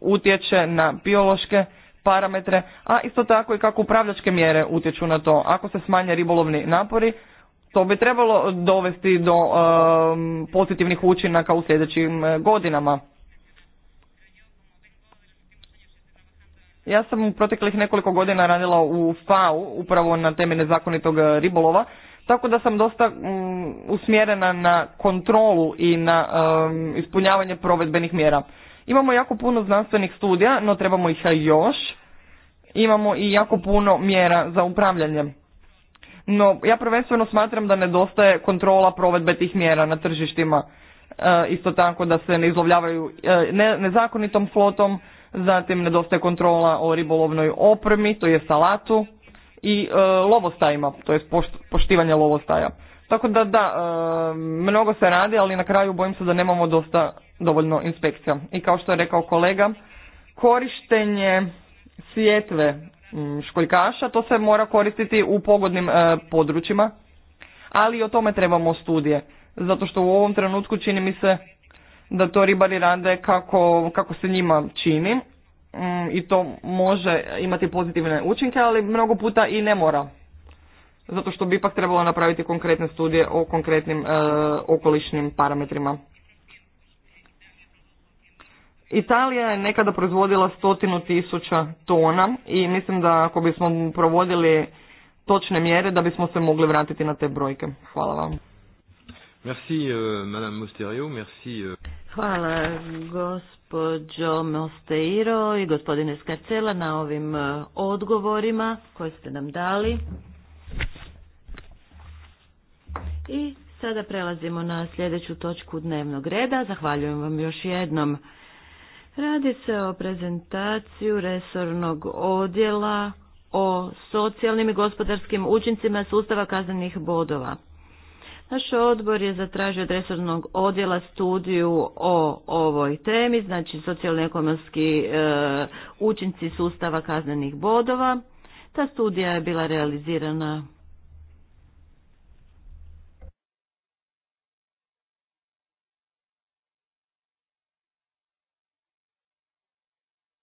utječe na biološke parametre, a isto tako i kako upravljačke mjere utječu na to. Ako se smanje ribolovni napori, to bi trebalo dovesti do um, pozitivnih učinaka u sljedećim e, godinama. Ja sam u proteklih nekoliko godina radila u FAU, upravo na temi nezakonitog e, ribolova, tako da sam dosta mm, usmjerena na kontrolu i na ispunjavanje provedbenih mjera. Imamo jako puno znanstvenih studija, no trebamo ih još. Imamo i jako puno mjera za upravljanje. No, ja prvenstveno smatram da nedostaje kontrola provedbe tih mjera na tržištima. E, isto tako da se ne izlovljavaju e, nezakonitom flotom, zatim nedostaje kontrola o ribolovnoj opremi, to je salatu, i e, lovostajima, to je poštivanje lovostaja. Tako da da, mnogo se radi, ali na kraju bojim se da nemamo dosta dovoljno inspekcija. I kao što je rekao kolega, korištenje sjetve Mm, školjkaša, to se mora koristiti u pogodnim e, područjima, ali i o tome trebamo studije, zato što u ovom trenutku čini mi se da to ribari rade kako, kako se njima čini mm, i to može imati pozitivne učinke, ali mnogo puta i ne mora. Zato što bi ipak trebalo napraviti konkretne studije o konkretnim e, okolišnim parametrima. Italija je nekada proizvodila stotinu tisuća tona i mislim da ako bismo provodili točne mjere da bismo se mogli vratiti na te brojke. Hvala vam. Merci, euh, merci. Euh. Hvala, gospođo Mosteiro i gospodine Skarcela na ovim e, odgovorima koje ste nam dali. I sada prelazimo na sljedeću točku dnevnog reda. Zahvaljujem vam još jednom. Radi se o prezentaciju resornog odjela o socijalnim i gospodarskim učincima sustava kaznenih bodova. Naš odbor je zatražio od resornog odjela studiju o ovoj temi, znači socijalno-ekonomski e, učinci sustava kaznenih bodova. Ta studija je bila realizirana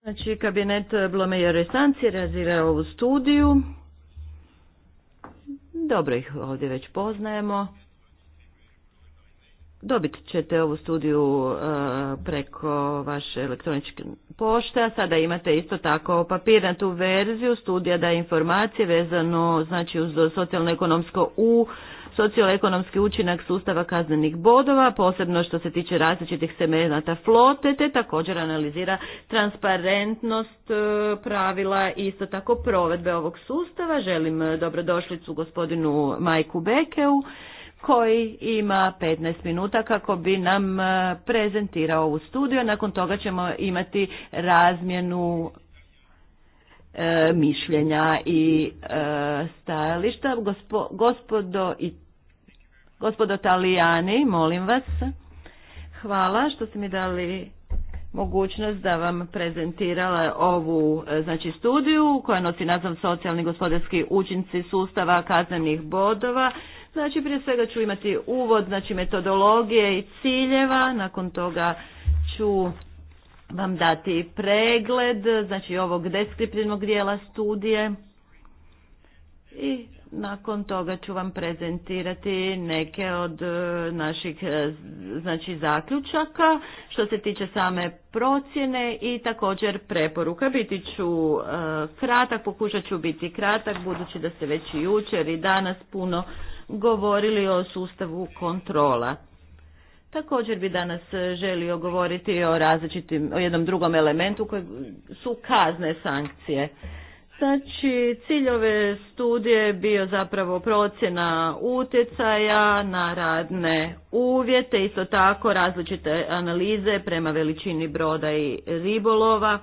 Znači, kabinet Blomeja Resanci razira ovu studiju. Dobro ih ovdje već poznajemo. Dobit ćete ovu studiju e, preko vaše elektroničke pošte, a sada imate isto tako papirnatu verziju studija da informacije vezano znači uz socijalno-ekonomsko u socioekonomski učinak sustava kaznenih bodova, posebno što se tiče različitih semenata flote, te također analizira transparentnost e, pravila i isto tako provedbe ovog sustava. Želim e, dobrodošlicu gospodinu Majku Bekeu koji ima 15 minuta kako bi nam e, prezentirao ovu studiju. Nakon toga ćemo imati razmjenu mišljenja i stajališta. Gospodo i Gospodo Talijani, molim vas. Hvala što ste mi dali mogućnost da vam prezentirala ovu e, znači, studiju koja nosi naziv socijalni gospodarski učinci sustava kaznenih bodova. Znači prije svega ću imati uvod, znači metodologije i ciljeva, nakon toga ću vam dati pregled, znači ovog deskriptivnog dijela studije i nakon toga ću vam prezentirati neke od e, naših e, znači, zaključaka što se tiče same procjene i također preporuka. Biti ću e, kratak, pokušat ću biti kratak budući da ste već i jučer i danas puno govorili o sustavu kontrola. Također bi danas želio govoriti o različitim, o jednom drugom elementu koji su kazne sankcije. Znači, cilj ove studije je bio zapravo procjena utjecaja na radne uvjete, isto tako različite analize prema veličini broda i ribolova.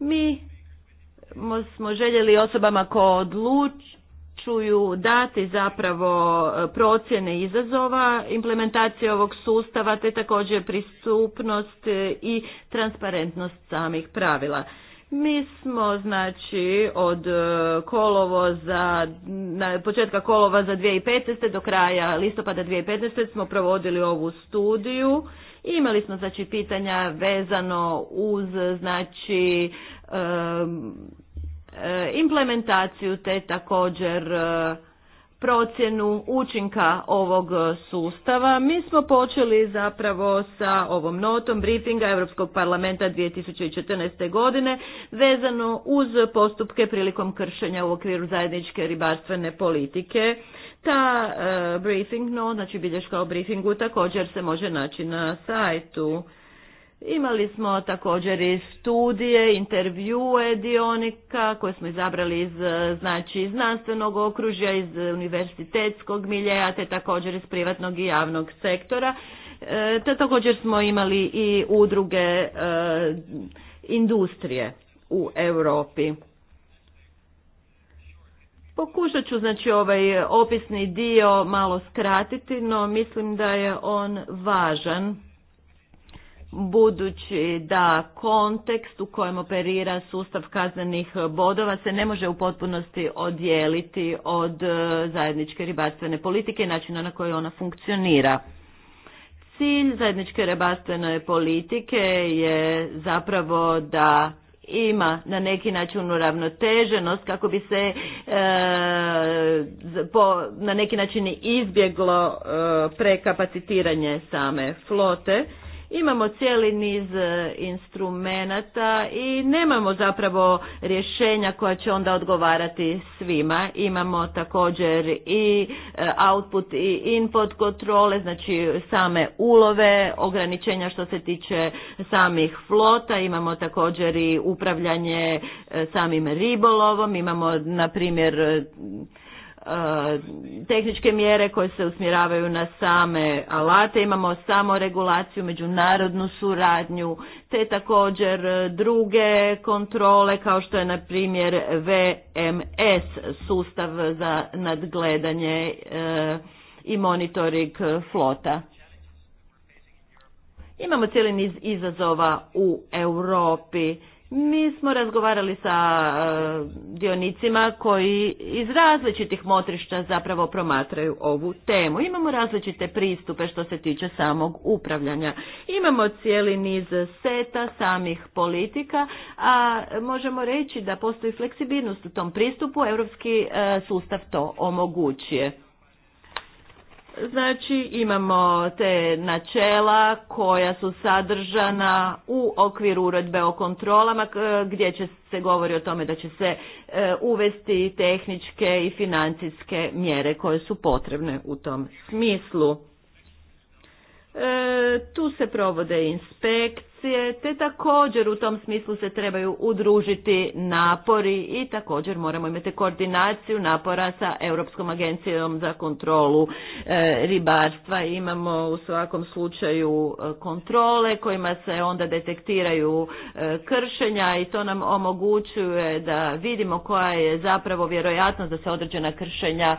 Mi smo željeli osobama ko odlučuju dati zapravo e, procjene izazova implementacije ovog sustava, te također pristupnost e, i transparentnost samih pravila. Mi smo znači od e, kolovoza, na početka kolova za 2015. do kraja listopada 2015. smo provodili ovu studiju. i Imali smo znači pitanja vezano uz znači e, e, implementaciju te također procjenu učinka ovog e, sustava. Mi smo počeli zapravo sa ovom notom briefinga Europskog parlamenta 2014. godine vezano uz postupke prilikom kršenja u okviru zajedničke ribarstvene politike. Ta e, briefing, no, znači bilješka o briefingu također se može naći na sajtu. Imali smo također i studije, intervjue dionika koje smo izabrali iz e, znači, znanstvenog okružja, iz univerzitetskog miljeja, te također iz privatnog i javnog sektora. E, te također smo imali i udruge e, industrije u Europi. Pokušat ću znači ovaj opisni dio malo skratiti, no mislim da je on važan budući da kontekst u kojem operira sustav kaznenih bodova se ne može u potpunosti odijeliti od e, zajedničke ribarstvene politike i načina na koji ona funkcionira. Cilj zajedničke ribarstvene politike je zapravo da ima na neki način uravnoteženost kako bi se e, po, na neki način izbjeglo e, prekapacitiranje same flote Imamo cijeli niz e, instrumenata i nemamo zapravo rješenja koja će onda odgovarati svima. Imamo također i e, output i input kontrole, znači same ulove, ograničenja što se tiče samih flota, imamo također i upravljanje e, samim ribolovom, imamo na primjer E, tehničke mjere koje se usmjeravaju na same alate, imamo samo regulaciju, međunarodnu suradnju, te također druge kontrole kao što je na primjer VMS, sustav za nadgledanje e, i monitoring flota. Imamo cijeli niz izazova u Europi mi smo razgovarali sa e, dionicima koji iz različitih motrišta zapravo promatraju ovu temu. Imamo različite pristupe što se tiče samog upravljanja. Imamo cijeli niz seta samih politika, a možemo reći da postoji fleksibilnost u tom pristupu, europski e, sustav to omogućuje. Znači imamo te načela koja su sadržana u okviru uredbe o kontrolama gdje će se govori o tome da će se e, uvesti tehničke i financijske mjere koje su potrebne u tom smislu. E, tu se provode inspekcije, te također u tom smislu se trebaju udružiti napori i također moramo imati koordinaciju napora sa Europskom agencijom za kontrolu e, ribarstva. Imamo u svakom slučaju e, kontrole kojima se onda detektiraju kršenja i to nam omogućuje da vidimo koja je zapravo vjerojatnost da se određena kršenja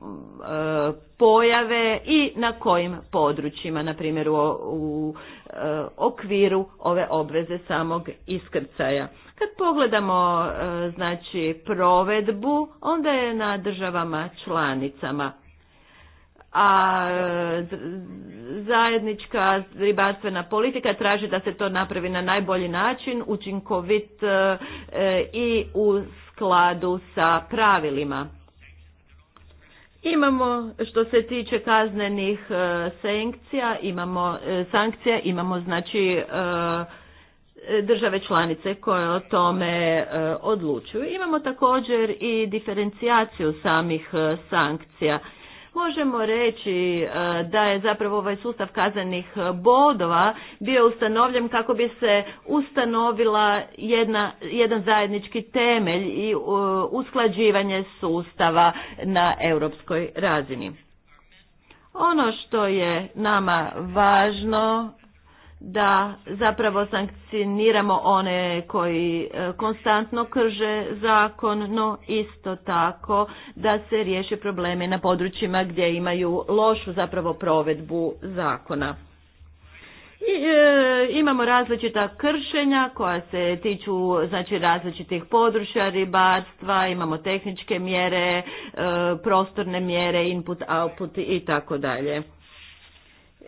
E, pojave i na kojim područjima, na primjer u, e, okviru ove obveze samog iskrcaja. Kad pogledamo e, znači provedbu, onda je na državama članicama. A zajednička ribarstvena politika traži da se to napravi na najbolji način, učinkovit i u skladu sa pravilima. Imamo što se tiče kaznenih e, sankcija, imamo e, sankcija, imamo znači e, države članice koje o tome odlučuju. Imamo također i diferencijaciju samih sankcija Možemo reći e, da je zapravo ovaj sustav kazanih e, bodova bio ustanovljen kako bi se ustanovila jedna, jedan zajednički temelj i e, usklađivanje sustava na europskoj razini. Ono što je nama važno da zapravo sankcioniramo one koji e, konstantno krže zakon, no isto tako da se riješe probleme na područjima gdje imaju lošu zapravo provedbu zakona. I, e, imamo različita kršenja koja se tiču znači različitih područja ribarstva, imamo tehničke mjere, e, prostorne mjere, input, output i tako dalje.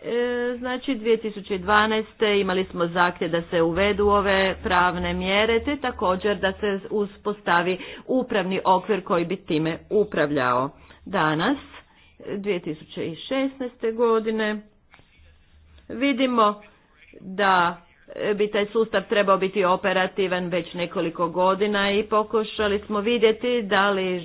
E, znači 2012. imali smo zahtjev da se uvedu ove pravne mjere te također da se uspostavi upravni okvir koji bi time upravljao. Danas, 2016. godine, vidimo da bi taj sustav trebao biti operativan već nekoliko godina i pokušali smo vidjeti da li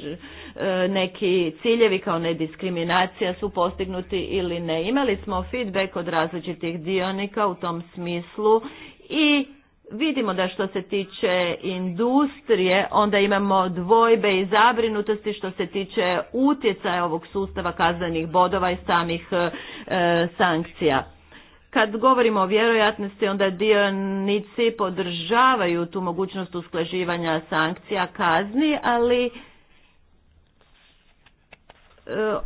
E, neki ciljevi kao nediskriminacija su postignuti ili ne. Imali smo feedback od različitih dionika u tom smislu i vidimo da što se tiče industrije, onda imamo dvojbe i zabrinutosti što se tiče utjecaja ovog sustava kaznenih bodova i samih e, sankcija. Kad govorimo o vjerojatnosti, onda dionici podržavaju tu mogućnost usklaživanja sankcija kazni, ali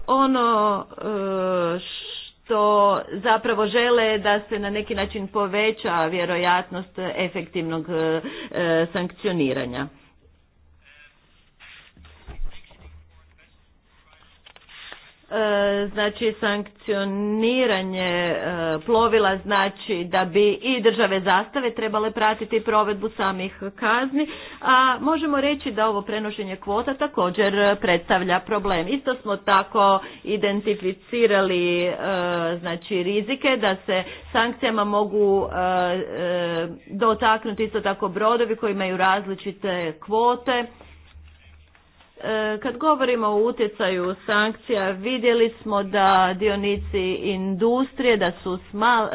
ono e, što zapravo žele da se na neki način poveća vjerojatnost efektivnog e, sankcioniranja. E, znači sankcioniranje e, plovila znači da bi i države zastave trebale pratiti provedbu samih kazni, a možemo reći da ovo prenošenje kvota također predstavlja problem. Isto smo tako identificirali e, znači rizike da se sankcijama mogu dotaknuti isto tako brodovi koji imaju različite kvote kad govorimo o utjecaju sankcija, vidjeli smo da dionici industrije, da su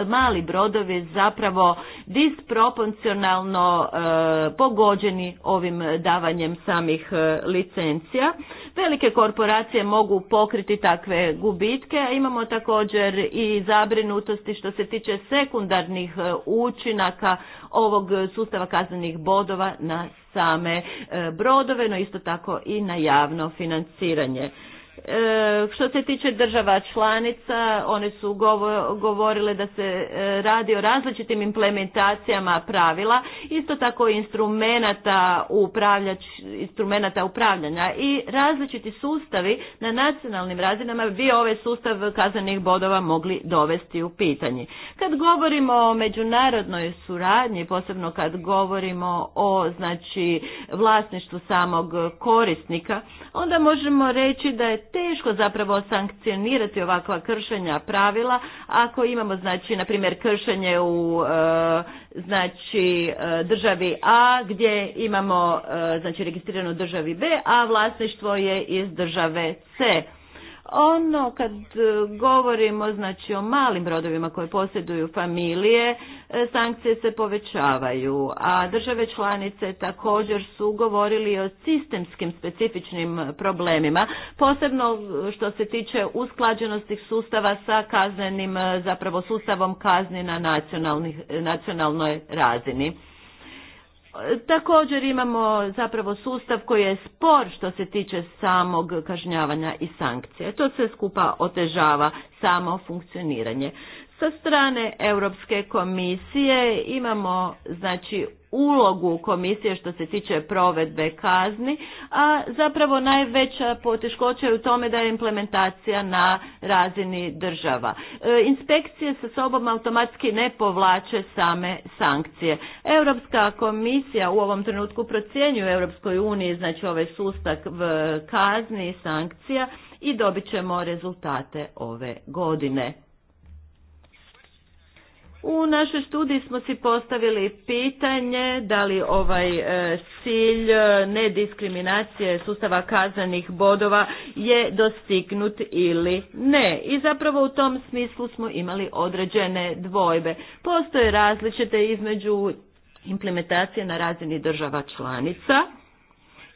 mali brodovi zapravo disproporcionalno e, pogođeni ovim davanjem samih e, licencija. Velike korporacije mogu pokriti takve gubitke, a imamo također i zabrinutosti što se tiče sekundarnih e, učinaka ovog sustava kaznenih bodova na same e, brodove, no isto tako i na javno financiranje. E, što se tiče država članica, one su govorile da se e, radi o različitim implementacijama pravila, isto tako i instrumenata, upravljač, upravljanja i različiti sustavi na nacionalnim razinama bi ovaj sustav kazanih bodova mogli dovesti u pitanje. Kad govorimo o međunarodnoj suradnji, posebno kad govorimo o znači, vlasništvu samog korisnika, onda možemo reći da je teško zapravo sankcionirati ovakva kršenja pravila ako imamo znači na primjer kršenje u e, znači e, državi A gdje imamo e, znači registrirano u državi B a vlasništvo je iz države C ono kad e, govorimo znači o malim brodovima koje posjeduju familije, e, sankcije se povećavaju, a države članice također su govorili o sistemskim specifičnim problemima, posebno što se tiče usklađenosti sustava sa kaznenim, e, zapravo sustavom kazni na nacionalnoj razini. Također imamo zapravo sustav koji je spor što se tiče samog kažnjavanja i sankcija. To sve skupa otežava samo funkcioniranje. Sa strane Europske komisije imamo znači ulogu komisije što se tiče provedbe kazni, a zapravo najveća poteškoća je u tome da je implementacija na razini država. E, inspekcije sa sobom automatski ne povlače same sankcije. Europska komisija u ovom trenutku procjenjuje Europskoj uniji, znači ovaj sustav kazni i sankcija i dobit ćemo rezultate ove godine. U našoj studiji smo si postavili pitanje da li ovaj e, cilj e, nediskriminacije sustava kazanih bodova je dostignut ili ne. I zapravo u tom smislu smo imali određene dvojbe. Postoje različite između implementacije na razini država članica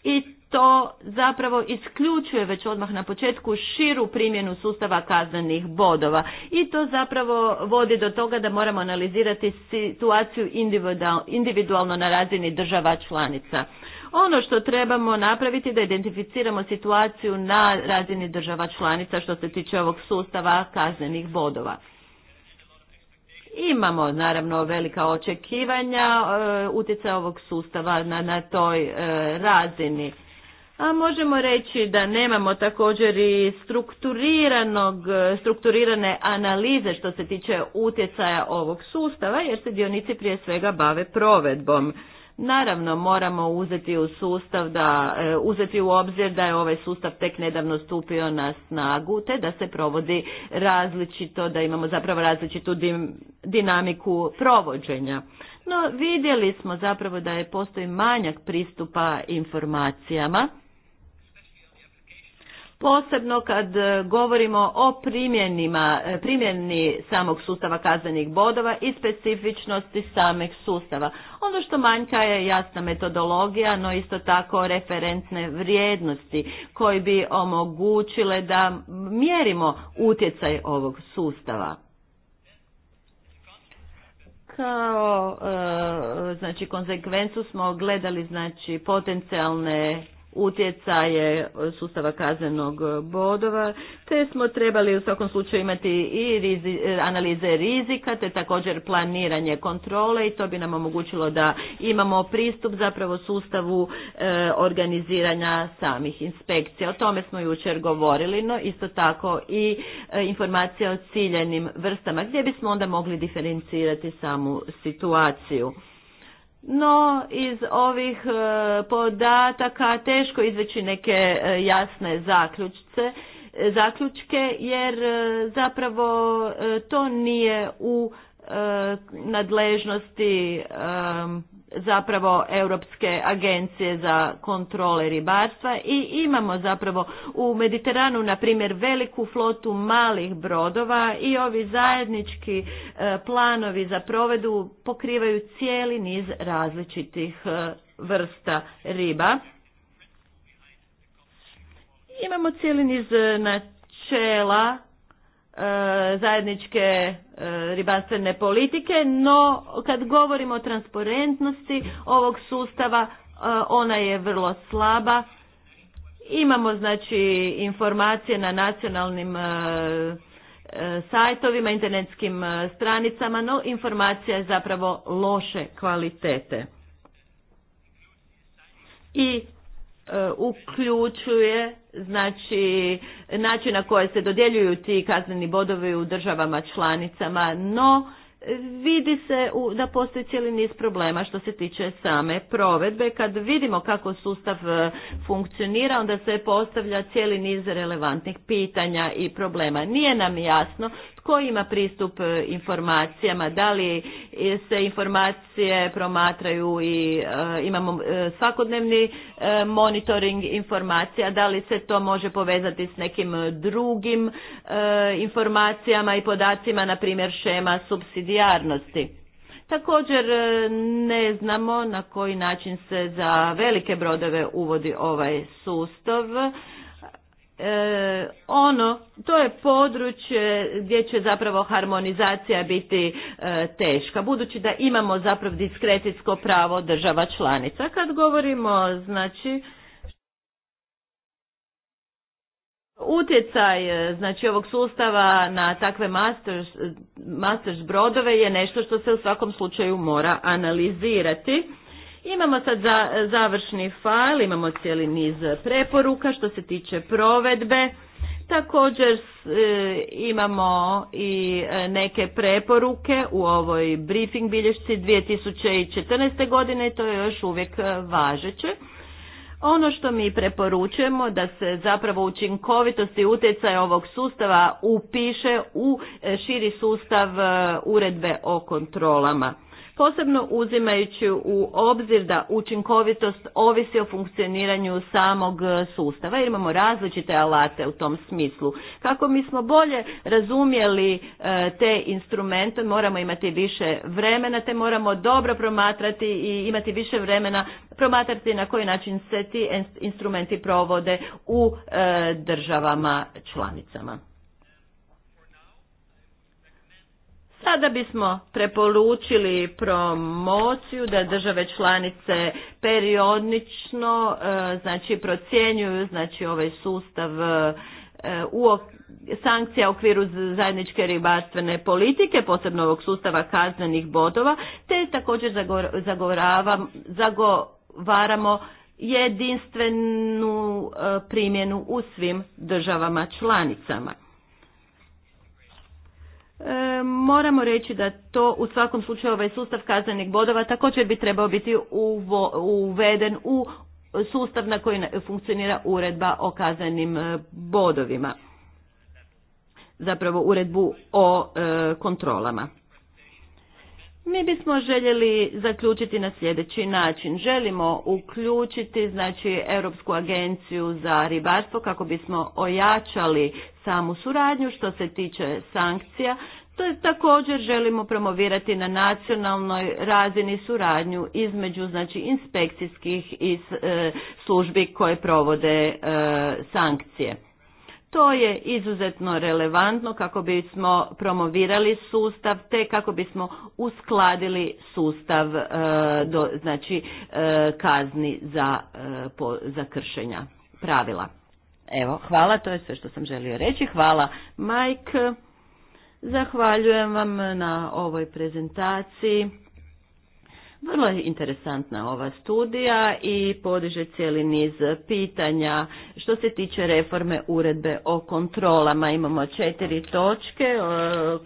i to zapravo isključuje već odmah na početku širu primjenu sustava kaznenih bodova i to zapravo vodi do toga da moramo analizirati situaciju individualno na razini država članica. Ono što trebamo napraviti je da identificiramo situaciju na razini država članica što se tiče ovog sustava kaznenih bodova. Imamo naravno velika očekivanja e, ovog sustava na, toj e, razini a možemo reći da nemamo također i strukturiranog, strukturirane analize što se tiče utjecaja ovog sustava jer se dionici prije svega bave provedbom. Naravno moramo uzeti u sustav da e, uzeti u obzir da je ovaj sustav tek nedavno stupio na snagu te da se provodi različito da imamo zapravo različitu dinamiku provođenja. No vidjeli smo zapravo da je postoji manjak pristupa informacijama posebno kad e, govorimo o primjenima, e, primjeni samog sustava kaznenih bodova i specifičnosti samih sustava. Ono što manjka je jasna metodologija, no isto tako referentne vrijednosti koji bi omogućile da mjerimo utjecaj ovog sustava kao e, znači konsekvencu smo gledali znači potencijalne utjecaje sustava kaznenog bodova, te smo trebali u svakom slučaju imati i rizi, analize rizika, te također planiranje kontrole i to bi nam omogućilo da imamo pristup zapravo sustavu e, organiziranja samih inspekcija. O tome smo jučer govorili, no isto tako i e, informacija o ciljenim vrstama, gdje bismo onda mogli diferencirati samu situaciju no iz ovih e, podataka teško izveći neke e, jasne zaključce, e, zaključke jer zapravo to nije u nadležnosti zapravo Europske agencije za kontrole ribarstva i imamo zapravo u Mediteranu na primjer veliku flotu malih brodova i ovi zajednički e, planovi za provedu pokrivaju cijeli niz različitih e, vrsta riba. Imamo cijeli niz e, načela E, zajedničke e, ribarstvene politike, no kad govorimo o transparentnosti ovog sustava, e, ona je vrlo slaba. Imamo znači informacije na nacionalnim sajtovima, internetskim stranicama, no informacija je zapravo loše kvalitete. I uključuje znači način na koje se dodjeljuju ti kazneni bodovi u državama članicama, no vidi se da postoji cijeli niz problema što se tiče same provedbe. Kad vidimo kako sustav e, funkcionira, onda se postavlja cijeli niz relevantnih pitanja i problema. Nije nam jasno tko ima pristup e, informacijama, da li e, se informacije promatraju i e, imamo svakodnevni monitoring informacija, da li se to može povezati s nekim drugim informacijama i podacima, na primjer šema subsidijarnosti. Također ne znamo na koji način se za velike brodove uvodi ovaj sustav E, ono, to je područje gdje će zapravo harmonizacija biti e, teška, budući da imamo zapravo diskrecijsko pravo država članica. Kad govorimo, znači, Utjecaj e, znači, ovog sustava na takve masters, masters brodove je nešto što se u svakom slučaju mora analizirati. Imamo sad za, završni fail, imamo cijeli niz preporuka što se tiče provedbe. Također e, imamo i e, neke preporuke u ovoj briefing bilješci 2014. godine i to je još uvijek e, važeće. Ono što mi preporučujemo da se zapravo učinkovitost i utjecaj ovog sustava upiše u širi sustav uredbe o kontrolama posebno uzimajući u obzir da učinkovitost ovisi o funkcioniranju samog e, sustava imamo različite alate u tom smislu. Kako smo bolje razumjeli e, te instrumente moramo imati više vremena te moramo dobro promatrati i imati više vremena promatrati na koji način se ti instrumenti provode u e, državama članicama. Tada bismo prepolučili promociju da države članice periodnično e, znači procjenjuju znači ovaj sustav e, u sankcija u okviru zajedničke ribarstvene politike, posebno ovog sustava kaznenih bodova, te također zagovaramo jedinstvenu e, primjenu u svim državama članicama. E, moramo reći da to u svakom slučaju ovaj sustav kaznenih bodova također bi trebao biti uveden u sustav na koji funkcionira uredba o kaznenim e, bodovima, zapravo uredbu o e, kontrolama. Mi bismo željeli zaključiti na sljedeći način. Želimo uključiti znači Europsku agenciju za ribarstvo kako bismo ojačali samu suradnju što se tiče sankcija. To je također želimo promovirati na nacionalnoj razini suradnju između znači inspekcijskih i e, službi koje provode e, sankcije. To je izuzetno relevantno kako bismo promovirali sustav te kako bismo uskladili sustav e, do, znači e, kazni za, e, za kršenja pravila. Evo, hvala, to je sve što sam želio reći. Hvala Mike. Zahvaljujem vam na ovoj prezentaciji. Vrlo je interesantna ova studija i podiže cijeli niz pitanja. Što se tiče reforme uredbe o kontrolama, imamo četiri točke e,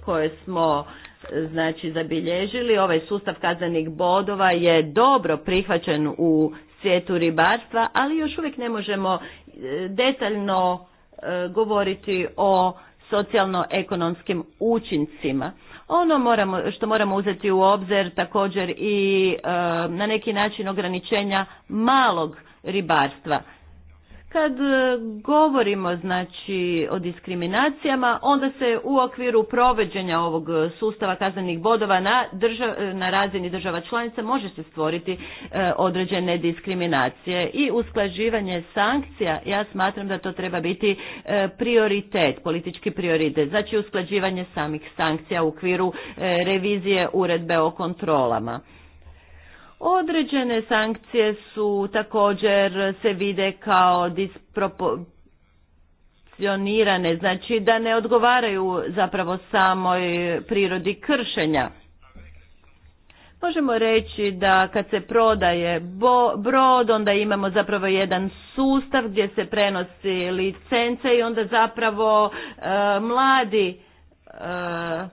koje smo e, znači zabilježili. Ovaj sustav kazanih bodova je dobro prihvaćen u svijetu ribarstva, ali još uvijek ne možemo e, detaljno govoriti o socijalno-ekonomskim učincima. Ono moramo, što moramo uzeti u obzir također i e, na neki način ograničenja malog ribarstva kad e, govorimo znači o diskriminacijama, onda se u okviru provođenja ovog sustava kaznenih bodova na, e, na razini država članica može se stvoriti e, određene diskriminacije i usklađivanje sankcija, ja smatram da to treba biti prioritet, politički prioritet, znači usklađivanje samih sankcija u okviru revizije uredbe o kontrolama. Određene sankcije su također se vide kao disproporcionirane, znači da ne odgovaraju zapravo samoj prirodi kršenja. Možemo reći da kad se prodaje brod, onda imamo zapravo jedan sustav gdje se prenosi licence i onda zapravo e, mladi e,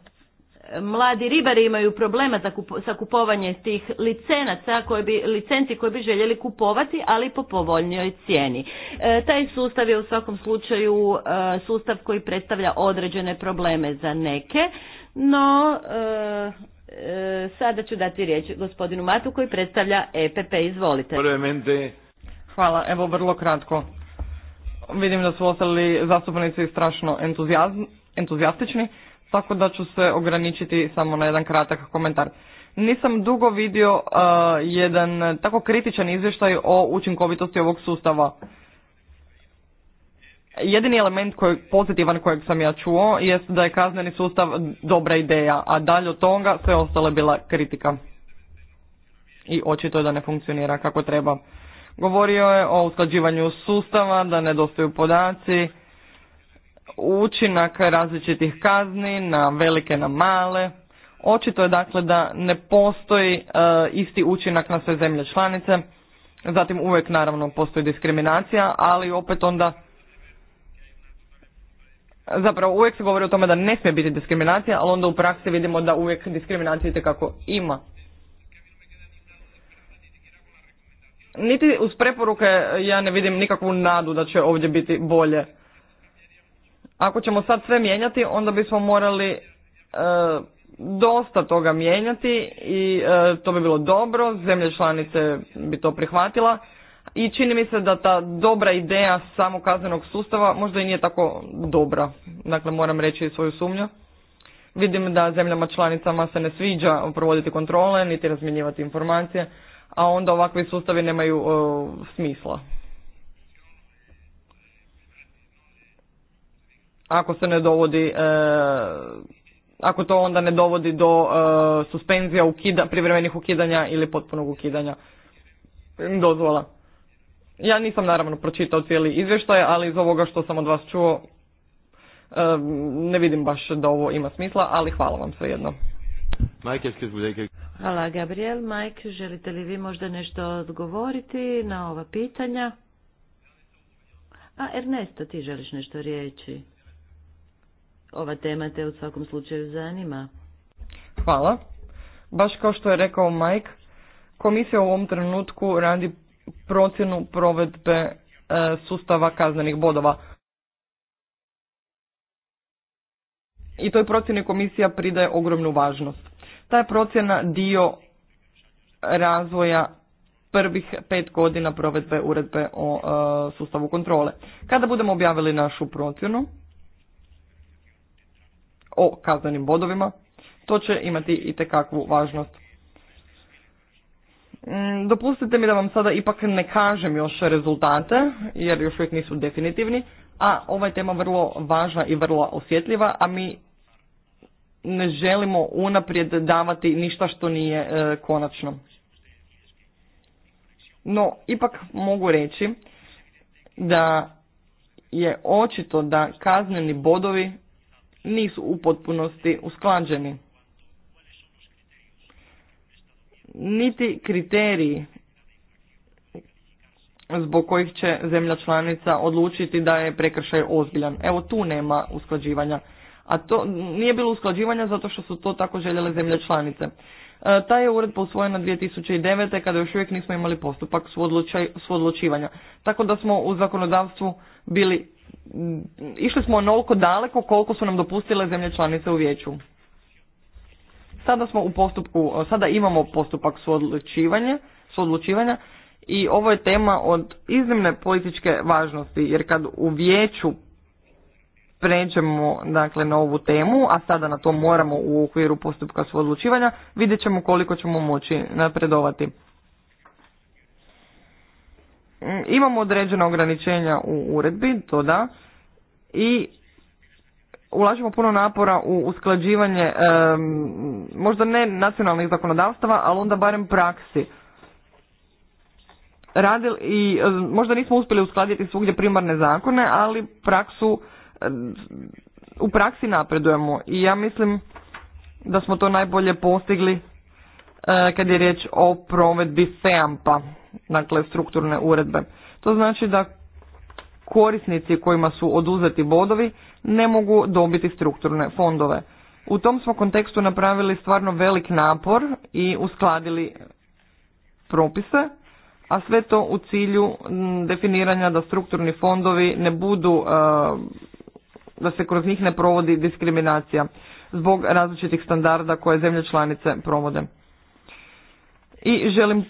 mladi ribari imaju problema sa kupovanje tih licenaca koje bi, licenci koje bi željeli kupovati, ali po povoljnijoj cijeni. E, taj sustav je u svakom slučaju e, sustav koji predstavlja određene probleme za neke, no e, sada ću dati riječ gospodinu Matu koji predstavlja EPP. Izvolite. Hvala, evo vrlo kratko. Vidim da su ostali zastupnici strašno entuzijaz, entuzijastični tako da ću se ograničiti samo na jedan kratak komentar. Nisam dugo vidio uh, jedan tako kritičan izvještaj o učinkovitosti ovog sustava. Jedini element koji, pozitivan kojeg sam ja čuo jest da je kazneni sustav dobra ideja, a dalje od toga sve ostalo bila kritika. I očito je da ne funkcionira kako treba. Govorio je o usklađivanju sustava, da nedostaju podaci, učinak različitih kazni na velike na male. Očito je dakle da ne postoji e, isti učinak na sve zemlje članice. Zatim uvijek naravno postoji diskriminacija, ali opet onda zapravo uvijek se govori o tome da ne smije biti diskriminacija, ali onda u praksi vidimo da uvijek diskriminacije itekako ima. Niti uz preporuke ja ne vidim nikakvu nadu da će ovdje biti bolje. Ako ćemo sad sve mijenjati, onda bismo morali e, dosta toga mijenjati i e, to bi bilo dobro, zemlje članice bi to prihvatila i čini mi se da ta dobra ideja samog kaznenog sustava možda i nije tako dobra. Dakle, moram reći svoju sumnju. Vidim da zemljama članicama se ne sviđa provoditi kontrole niti razmjenjivati informacije, a onda ovakvi sustavi nemaju e, smisla. ako se ne dovodi e, ako to onda ne dovodi do e, suspenzija ukida, privremenih ukidanja ili potpunog ukidanja dozvola. Ja nisam naravno pročitao cijeli izvještaj, ali iz ovoga što sam od vas čuo e, ne vidim baš da ovo ima smisla, ali hvala vam svejedno. Hvala Gabriel. Mike, želite li vi možda nešto odgovoriti na ova pitanja? A Ernesto, ti želiš nešto riječi? ova tema te u svakom slučaju zanima. Hvala. Baš kao što je rekao Mike, komisija u ovom trenutku radi procjenu provedbe e, sustava kaznenih bodova. I toj procjeni komisija pridaje ogromnu važnost. Ta je procjena dio razvoja prvih pet godina provedbe uredbe o e, sustavu kontrole. Kada budemo objavili našu procjenu, o kaznenim bodovima, to će imati i tekakvu važnost. Mm, dopustite mi da vam sada ipak ne kažem još rezultate, jer još uvijek nisu definitivni, a ova je tema vrlo važna i vrlo osjetljiva, a mi ne želimo unaprijed davati ništa što nije e, konačno. No, ipak mogu reći da je očito da kazneni bodovi nisu u potpunosti usklađeni. Niti kriteriji zbog kojih će zemlja članica odlučiti da je prekršaj ozbiljan. Evo tu nema usklađivanja. A to nije bilo usklađivanja zato što su to tako željele zemlje članice. E, ured je uredba usvojena 2009. kada još uvijek nismo imali postupak svodlučivanja Tako da smo u zakonodavstvu bili Mm, išli smo onoliko daleko koliko su nam dopustile zemlje članice u vijeću. Sada smo u postupku, sada imamo postupak suodlučivanja, suodlučivanja i ovo je tema od iznimne političke važnosti jer kad u vijeću pređemo dakle na ovu temu, a sada na to moramo u okviru postupka suodlučivanja, vidjet ćemo koliko ćemo moći napredovati. Mm, imamo određena ograničenja u uredbi, to da, i ulažemo puno napora u usklađivanje možda ne nacionalnih zakonodavstava, ali onda barem praksi. Radili i možda nismo uspjeli uskladiti svugdje primarne zakone, ali praksu u praksi napredujemo i ja mislim da smo to najbolje postigli eh, kad je riječ o provedbi FEAMPA dakle strukturne uredbe. To znači da korisnici kojima su oduzeti bodovi ne mogu dobiti strukturne fondove. U tom smo kontekstu napravili stvarno velik napor i uskladili propise, a sve to u cilju definiranja da strukturni fondovi ne budu, e, da se kroz njih ne provodi diskriminacija zbog različitih standarda koje zemlje članice provode. I želim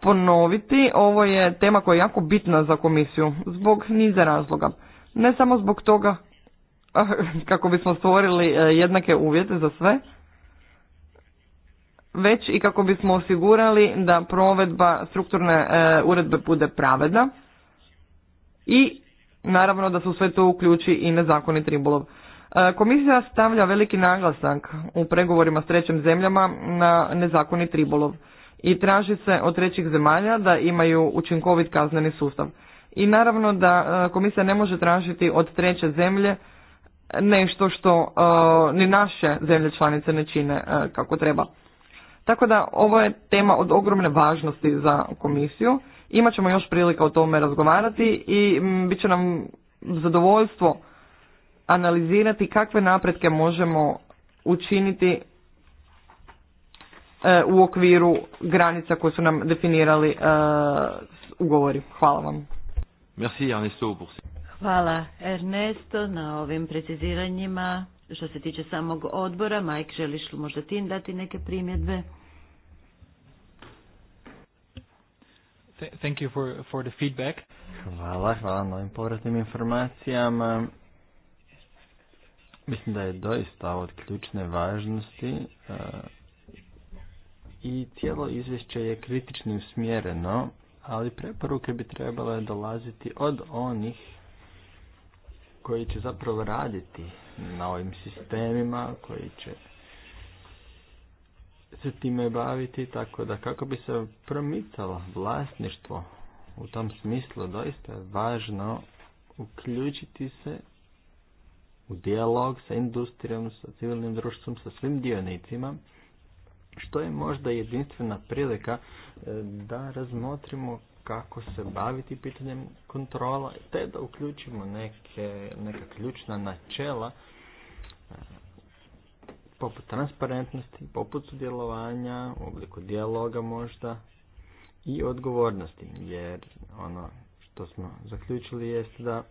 ponoviti, ovo je tema koja je jako bitna za komisiju, zbog niza razloga. Ne samo zbog toga kako bismo stvorili e, jednake uvjete za sve, već i kako bismo osigurali da provedba strukturne e, uredbe bude pravedna i naravno da se u sve to uključi i nezakonit ribolov. E, komisija stavlja veliki naglasak u pregovorima s trećim zemljama na nezakonit ribolov i traži se od trećih zemalja da imaju učinkovit kazneni sustav. I naravno da e, komisija ne može tražiti od treće zemlje e, nešto što e, ni naše zemlje članice ne čine kako treba. Tako da ovo je tema od ogromne važnosti za komisiju. Imaćemo još prilika o tome razgovarati i bit će nam zadovoljstvo analizirati kakve napretke možemo učiniti E, u okviru granica koje su nam definirali e, ugovori. Hvala vam. Merci Ernesto Hvala Ernesto na ovim preciziranjima. Što se tiče samog odbora, Mike, želiš li možda tim dati neke primjedbe? Thank you for, for the feedback. Hvala, hvala na ovim povratnim informacijama. Mislim da je doista od ključne važnosti e, i cijelo izvješće je kritično usmjereno, ali preporuke bi trebale dolaziti od onih koji će zapravo raditi na ovim sistemima, koji će se time baviti, tako da kako bi se promicalo vlasništvo u tom smislu, doista je važno uključiti se u dijalog sa industrijom, sa civilnim društvom, sa svim dionicima, što je možda jedinstvena prilika e, da razmotrimo kako se baviti pitanjem kontrola, te da uključimo neke, neka ključna načela e, poput transparentnosti, poput sudjelovanja, u obliku dijaloga možda i odgovornosti, jer ono što smo zaključili jest da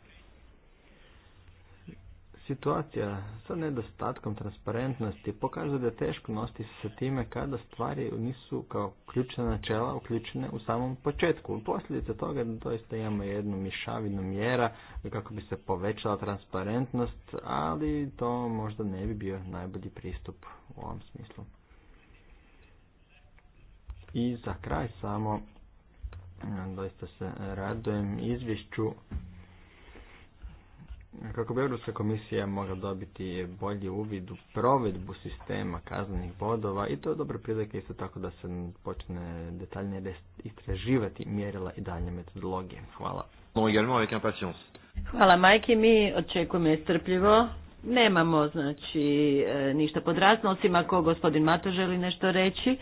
situacija sa nedostatkom transparentnosti pokazuje da je teško nositi se sa time kada stvari nisu kao ključna načela uključene u samom početku. Posljedice toga da doista imamo jednu mišavinu mjera kako bi se povećala transparentnost, ali to možda ne bi bio najbolji pristup u ovom smislu. I za kraj samo doista se radujem izvješću kako bi Europska komisija mogla dobiti bolji uvid u provedbu sistema kaznenih bodova i to je dobra prilika isto tako da se počne detaljnije istraživati mjerila i dalje metodologije. Hvala. Hvala majke. mi očekujemo strpljivo. Nemamo znači e, ništa pod osim ako gospodin Mato želi nešto reći.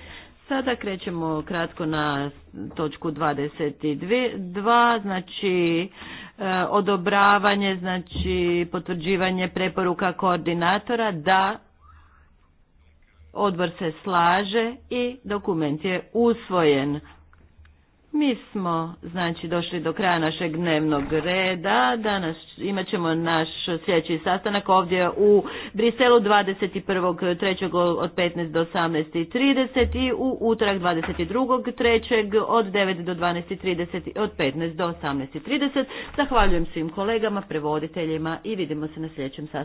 Sada krećemo kratko na točku 22, znači e, odobravanje, znači potvrđivanje preporuka koordinatora da odbor se slaže i dokument je usvojen. Mi smo, znači, došli do kraja našeg dnevnog reda. Danas imat ćemo naš sljedeći sastanak ovdje u Briselu 21.3. od 15 do 18.30 i u utrak 22.3. od 9 do 12.30 od 15 do 18.30. Zahvaljujem svim kolegama, prevoditeljima i vidimo se na sljedećem sastanku.